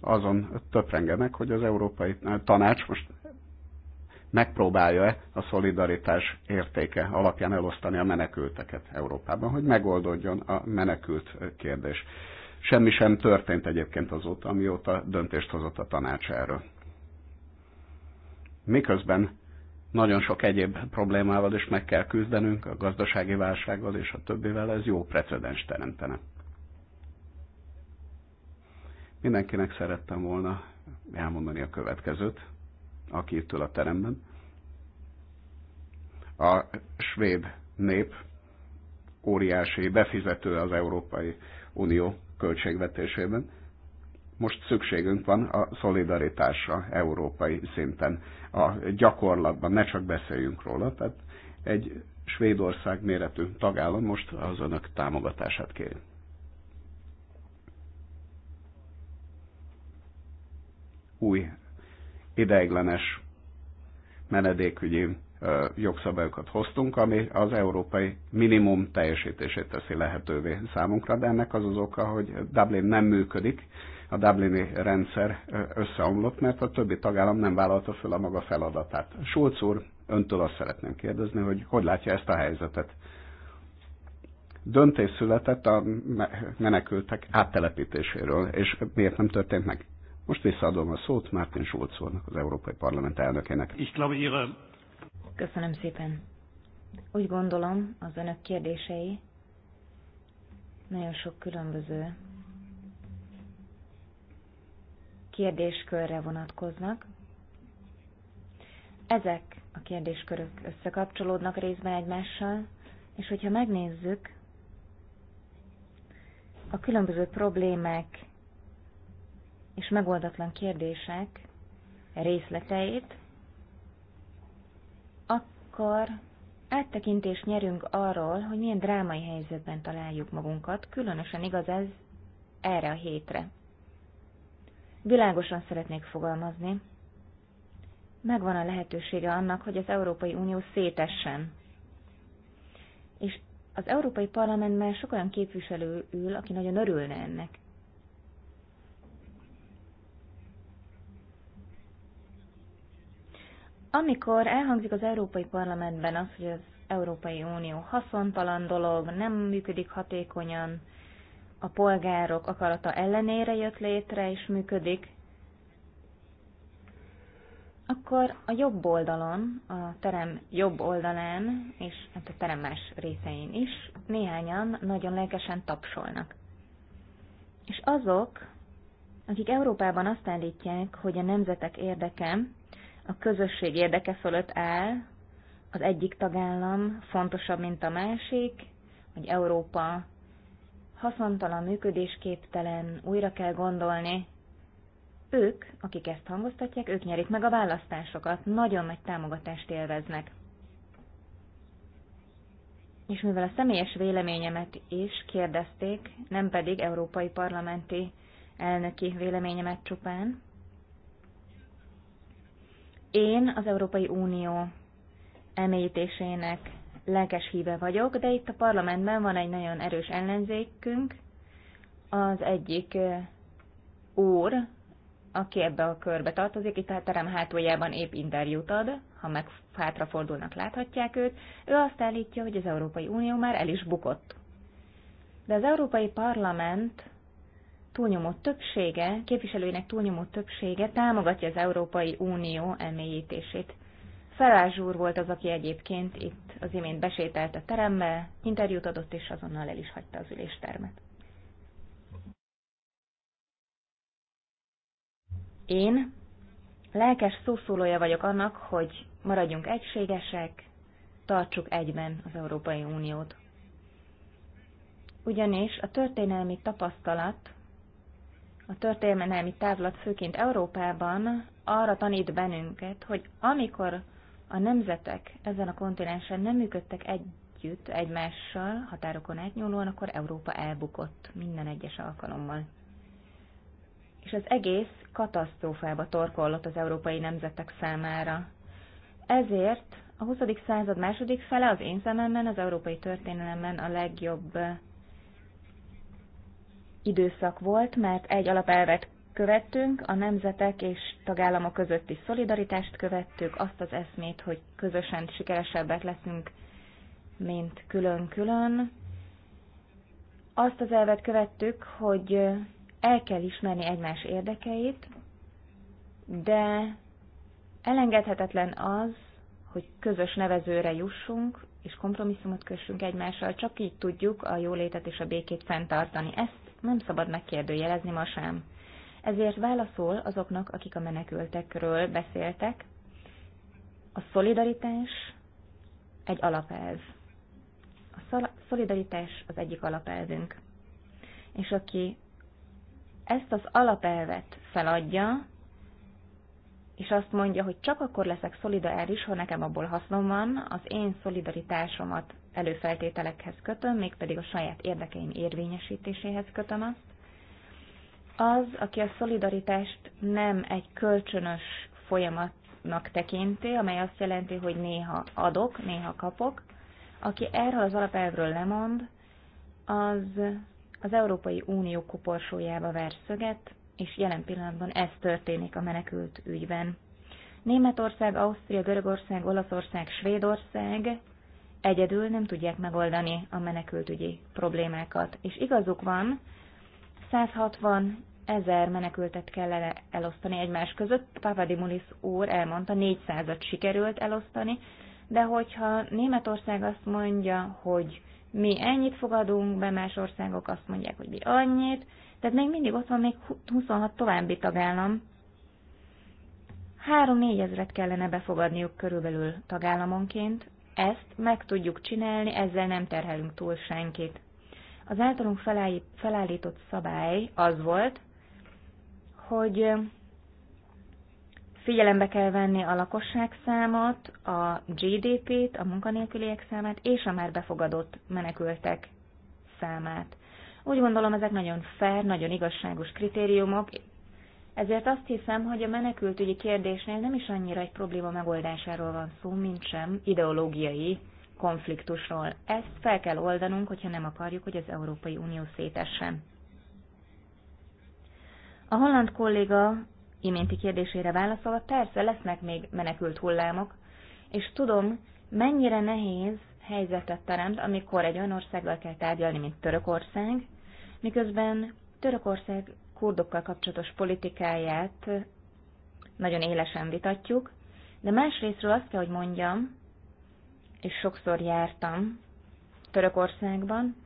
azon töprengenek, hogy az Európai Tanács most megpróbálja-e a szolidaritás értéke alapján elosztani a menekülteket Európában, hogy megoldódjon a menekült kérdés. Semmi sem történt egyébként azóta, amióta döntést hozott a tanács erről. Miközben nagyon sok egyéb problémával is meg kell küzdenünk, a gazdasági válsággal és a többivel, ez jó precedens teremtene. Mindenkinek szerettem volna elmondani a következőt aki itt ül a teremben. A svéd nép óriási befizető az Európai Unió költségvetésében. Most szükségünk van a szolidaritásra európai szinten. A gyakorlatban ne csak beszéljünk róla, tehát egy Svédország méretű tagállam most az önök támogatását kéri. Új ideiglenes menedékügyi jogszabályokat hoztunk, ami az európai minimum teljesítését teszi lehetővé számunkra, de ennek az az oka, hogy Dublin nem működik, a Dublini rendszer összeomlott, mert a többi tagállam nem vállalta föl a maga feladatát. Schulz úr, öntől azt szeretném kérdezni, hogy hogy látja ezt a helyzetet? Döntés született a menekültek áttelepítéséről, és miért nem történt meg? Most visszaadom a szót Mártin Schulzónak, az Európai Parlament elnökének. Köszönöm szépen. Úgy gondolom, az önök kérdései nagyon sok különböző kérdéskörre vonatkoznak. Ezek a kérdéskörök összekapcsolódnak részben egymással, és hogyha megnézzük a különböző problémák és megoldatlan kérdések részleteit, akkor áttekintést nyerünk arról, hogy milyen drámai helyzetben találjuk magunkat, különösen igaz ez erre a hétre. Világosan szeretnék fogalmazni. Megvan a lehetősége annak, hogy az Európai Unió szétessen. És az Európai Parlamentben sok olyan képviselő ül, aki nagyon örülne ennek. Amikor elhangzik az Európai Parlamentben az, hogy az Európai Unió haszontalan dolog, nem működik hatékonyan, a polgárok akarata ellenére jött létre és működik, akkor a jobb oldalon, a terem jobb oldalán, és hát a terem más részein is néhányan nagyon lelkesen tapsolnak. És azok, akik Európában azt állítják, hogy a nemzetek érdeke a közösség érdeke fölött áll, az egyik tagállam fontosabb, mint a másik, hogy Európa haszontalan, működésképtelen, újra kell gondolni. Ők, akik ezt hangoztatják, ők nyerik meg a választásokat, nagyon nagy támogatást élveznek. És mivel a személyes véleményemet is kérdezték, nem pedig európai parlamenti elnöki véleményemet csupán, én az Európai Unió emélyítésének lelkes híve vagyok, de itt a parlamentben van egy nagyon erős ellenzékünk, az egyik úr, aki ebbe a körbe tartozik, itt a terem hátuljában épp interjút ad, ha meg hátrafordulnak, láthatják őt, ő azt állítja, hogy az Európai Unió már el is bukott. De az Európai Parlament túlnyomó többsége, képviselőinek túlnyomó többsége támogatja az Európai Unió elmélyítését. Farázs úr volt az, aki egyébként itt az imént besételt a terembe, interjút adott és azonnal el is hagyta az üléstermet. Én lelkes szószólója vagyok annak, hogy maradjunk egységesek, tartsuk egyben az Európai Uniót. Ugyanis a történelmi tapasztalat a történelmi távlat főként Európában arra tanít bennünket, hogy amikor a nemzetek ezen a kontinensen nem működtek együtt egymással, határokon átnyúlóan, akkor Európa elbukott minden egyes alkalommal. És az egész katasztrófába torkollott az európai nemzetek számára. Ezért a 20. század második fele az én szememben, az európai történelemben a legjobb időszak volt, mert egy alapelvet követtünk, a nemzetek és tagállamok közötti szolidaritást követtük, azt az eszmét, hogy közösen sikeresebbek leszünk, mint külön-külön. Azt az elvet követtük, hogy el kell ismerni egymás érdekeit, de elengedhetetlen az, hogy közös nevezőre jussunk, és kompromisszumot kössünk egymással, csak így tudjuk a jólétet és a békét fenntartani. Ezt nem szabad megkérdőjelezni ma sem. Ezért válaszol azoknak, akik a menekültekről beszéltek. A szolidaritás egy alapelv. A szolidaritás az egyik alapelvünk. És aki ezt az alapelvet feladja, és azt mondja, hogy csak akkor leszek szolidáris, ha nekem abból hasznom van, az én szolidaritásomat előfeltételekhez kötöm, mégpedig a saját érdekeim érvényesítéséhez kötöm azt. Az, aki a szolidaritást nem egy kölcsönös folyamatnak tekinti, amely azt jelenti, hogy néha adok, néha kapok, aki erről az alapelvről lemond, az az Európai Unió koporsójába verszöget, és jelen pillanatban ez történik a menekült ügyben. Németország, Ausztria, Görögország, Olaszország, Svédország egyedül nem tudják megoldani a menekültügyi problémákat. És igazuk van, 160 ezer menekültet kell elosztani egymás között. Papadimulis úr elmondta, 400-at sikerült elosztani, de hogyha Németország azt mondja, hogy mi ennyit fogadunk be, más országok azt mondják, hogy mi annyit, tehát még mindig ott van még 26 további tagállam. 3-4 ezret kellene befogadniuk körülbelül tagállamonként, ezt meg tudjuk csinálni, ezzel nem terhelünk túl senkit. Az általunk felállított szabály az volt, hogy Figyelembe kell venni a lakosság számot, a GDP-t, a munkanélküliek számát és a már befogadott menekültek számát. Úgy gondolom, ezek nagyon fair, nagyon igazságos kritériumok, ezért azt hiszem, hogy a menekültügyi kérdésnél nem is annyira egy probléma megoldásáról van szó, mint sem ideológiai konfliktusról. Ezt fel kell oldanunk, hogyha nem akarjuk, hogy az Európai Unió szétessen. A holland kolléga iménti kérdésére válaszolva, persze lesznek még menekült hullámok, és tudom, mennyire nehéz helyzetet teremt, amikor egy olyan országgal kell tárgyalni, mint Törökország, miközben Törökország kurdokkal kapcsolatos politikáját nagyon élesen vitatjuk, de másrésztről azt kell, hogy mondjam, és sokszor jártam Törökországban,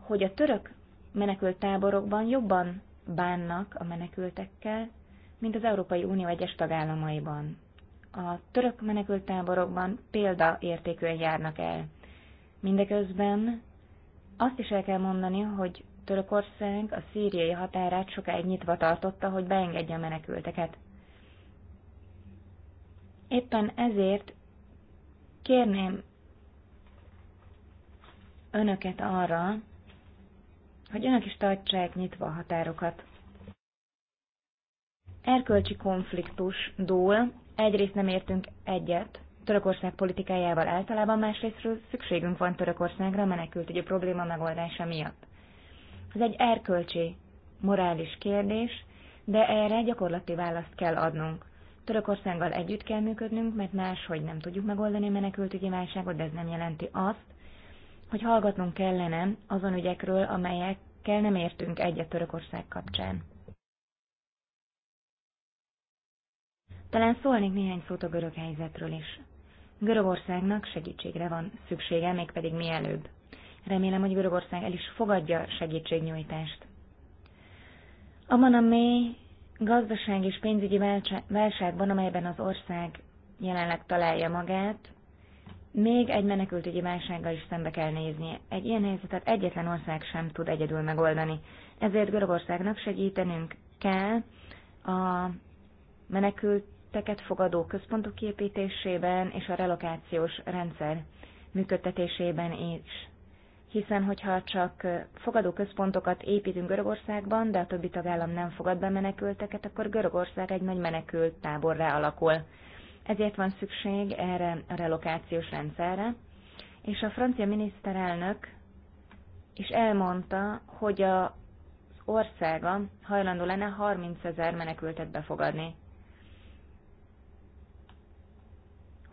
hogy a török menekült táborokban jobban bánnak a menekültekkel, mint az Európai Unió egyes tagállamaiban. A török menekültáborokban példaértékűen járnak el. Mindeközben azt is el kell mondani, hogy Törökország a szíriai határát sokáig nyitva tartotta, hogy beengedje a menekülteket. Éppen ezért kérném önöket arra, hogy önök is tartsák nyitva a határokat erkölcsi konfliktus dúl, egyrészt nem értünk egyet Törökország politikájával általában, másrésztről szükségünk van Törökországra a menekültügyi probléma megoldása miatt. Ez egy erkölcsi, morális kérdés, de erre gyakorlati választ kell adnunk. Törökországgal együtt kell működnünk, mert máshogy nem tudjuk megoldani a menekültügyi válságot, de ez nem jelenti azt, hogy hallgatnunk kellene azon ügyekről, amelyekkel nem értünk egyet Törökország kapcsán. Talán szólnék néhány szót a görög helyzetről is. Görögországnak segítségre van szüksége, mégpedig mielőbb. Remélem, hogy Görögország el is fogadja segítségnyújtást. Abban a mély gazdaság és pénzügyi válságban, amelyben az ország jelenleg találja magát, még egy menekültügyi válsággal is szembe kell nézni. Egy ilyen helyzetet egyetlen ország sem tud egyedül megoldani. Ezért Görögországnak segítenünk kell a menekült tetteket fogadó központok kiépítésében és a relokációs rendszer működtetésében is. Hiszen, hogyha csak fogadó központokat építünk Görögországban, de a többi tagállam nem fogad be menekülteket, akkor Görögország egy nagy menekült táborra alakul. Ezért van szükség erre a relokációs rendszerre, és a francia miniszterelnök is elmondta, hogy a országa hajlandó lenne 30 ezer menekültet befogadni.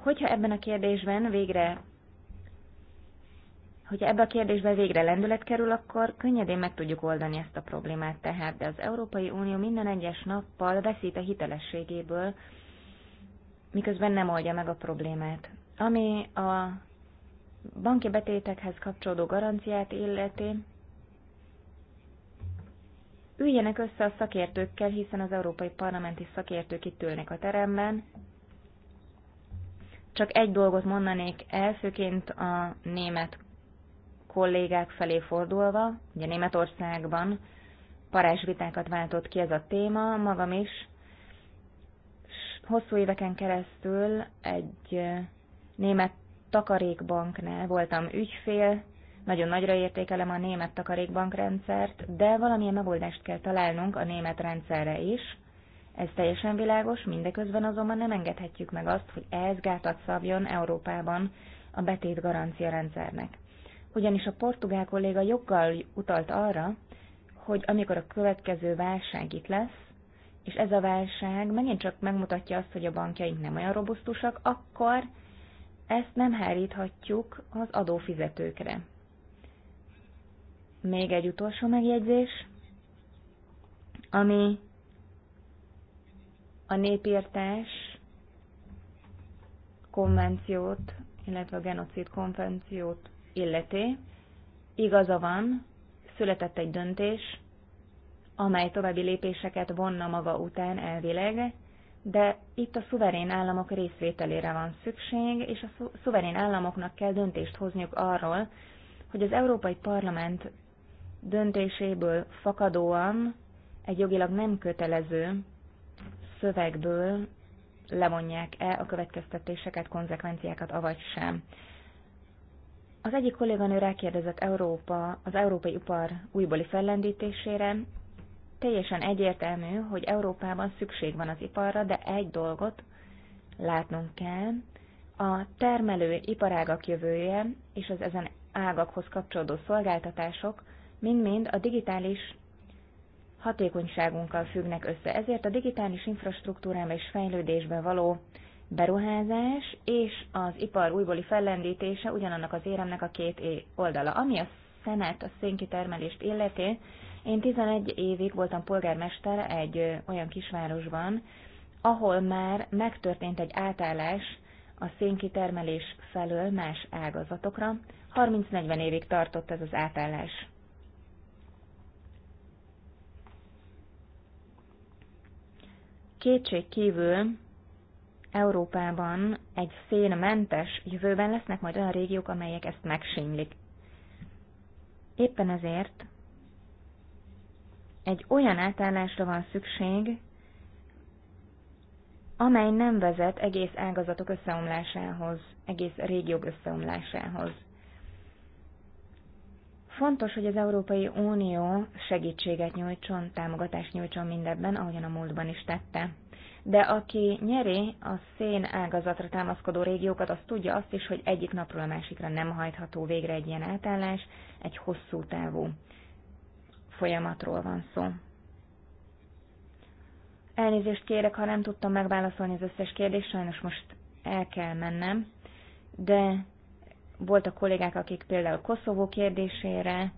Hogyha ebben a kérdésben végre hogyha ebbe a kérdésben végre lendület kerül, akkor könnyedén meg tudjuk oldani ezt a problémát tehát, de az Európai Unió minden egyes nappal veszít a hitelességéből, miközben nem oldja meg a problémát. Ami a banki betétekhez kapcsolódó garanciát illeti, üljenek össze a szakértőkkel, hiszen az európai parlamenti szakértők itt ülnek a teremben, csak egy dolgot mondanék elsőként a német kollégák felé fordulva, ugye Németországban parázsvitákat váltott ki ez a téma, magam is hosszú éveken keresztül egy német takarékbanknál voltam ügyfél, nagyon nagyra értékelem a német takarékbankrendszert, de valamilyen megoldást kell találnunk a német rendszerre is. Ez teljesen világos, mindeközben azonban nem engedhetjük meg azt, hogy ez gátat szabjon Európában a betét garancia rendszernek. Ugyanis a portugál kolléga joggal utalt arra, hogy amikor a következő válság itt lesz, és ez a válság megint csak megmutatja azt, hogy a bankjaink nem olyan robusztusak, akkor ezt nem háríthatjuk az adófizetőkre. Még egy utolsó megjegyzés, ami a népírtás konvenciót, illetve a genocid konvenciót illeti. Igaza van, született egy döntés, amely további lépéseket vonna maga után elvileg, de itt a szuverén államok részvételére van szükség, és a szuverén államoknak kell döntést hozniuk arról, hogy az Európai Parlament döntéséből fakadóan egy jogilag nem kötelező szövegből levonják-e a következtetéseket, konzekvenciákat, avagy sem. Az egyik kolléganő rákérdezett Európa, az európai ipar újbóli fellendítésére. Teljesen egyértelmű, hogy Európában szükség van az iparra, de egy dolgot látnunk kell, a termelő iparágak jövője és az ezen ágakhoz kapcsolódó szolgáltatások mind-mind a digitális hatékonyságunkkal függnek össze. Ezért a digitális infrastruktúrám és fejlődésbe való beruházás és az ipar újbóli fellendítése ugyanannak az éremnek a két oldala. Ami a szenet, a szénkitermelést illeti, én 11 évig voltam polgármester egy olyan kisvárosban, ahol már megtörtént egy átállás a szénkitermelés felől más ágazatokra. 30-40 évig tartott ez az átállás. Kétség kívül Európában egy szénmentes jövőben lesznek majd olyan régiók, amelyek ezt megsínylik. Éppen ezért egy olyan átállásra van szükség, amely nem vezet egész ágazatok összeomlásához, egész régiók összeomlásához. Fontos, hogy az Európai Unió segítséget nyújtson, támogatást nyújtson mindebben, ahogyan a múltban is tette. De aki nyeri a szén ágazatra támaszkodó régiókat, az tudja azt is, hogy egyik napról a másikra nem hajtható végre egy ilyen átállás, egy hosszú távú folyamatról van szó. Elnézést kérek, ha nem tudtam megválaszolni az összes kérdést, sajnos most el kell mennem, de voltak kollégák, akik például Koszovó kérdésére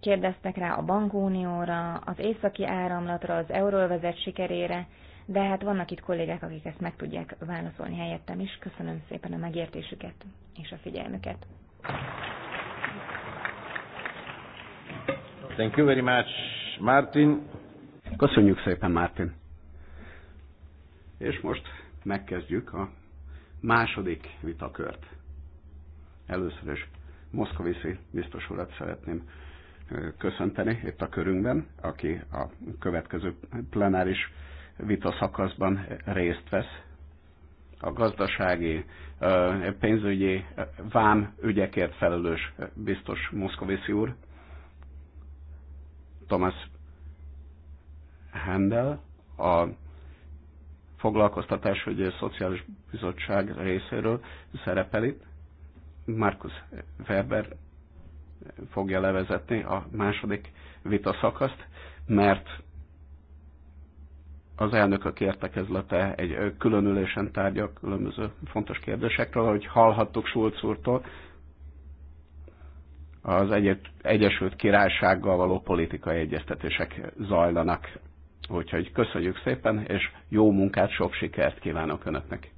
kérdeztek rá a bankunióra, az északi áramlatra, az euróvezet sikerére, de hát vannak itt kollégák, akik ezt meg tudják válaszolni helyettem is. Köszönöm szépen a megértésüket és a figyelmüket. Thank you very much, Martin. Köszönjük szépen, Martin. És most megkezdjük a második vitakört. Először is Moszkoviszi biztos urat szeretném köszönteni itt a körünkben, aki a következő plenáris vita szakaszban részt vesz a gazdasági, pénzügyi vám ügyekért felelős biztos Moszkoviszi úr, Thomas Handel, a foglalkoztatás, hogy a Szociális Bizottság részéről szerepel itt, Markus Weber fogja levezetni a második szakaszt, mert az elnökök értekezlete egy különülésen tárgyak, különböző fontos kérdésekről, hogy hallhattuk Schulz úrtól, az Egyesült Királysággal való politikai egyeztetések zajlanak. Úgyhogy köszönjük szépen, és jó munkát, sok sikert kívánok Önöknek!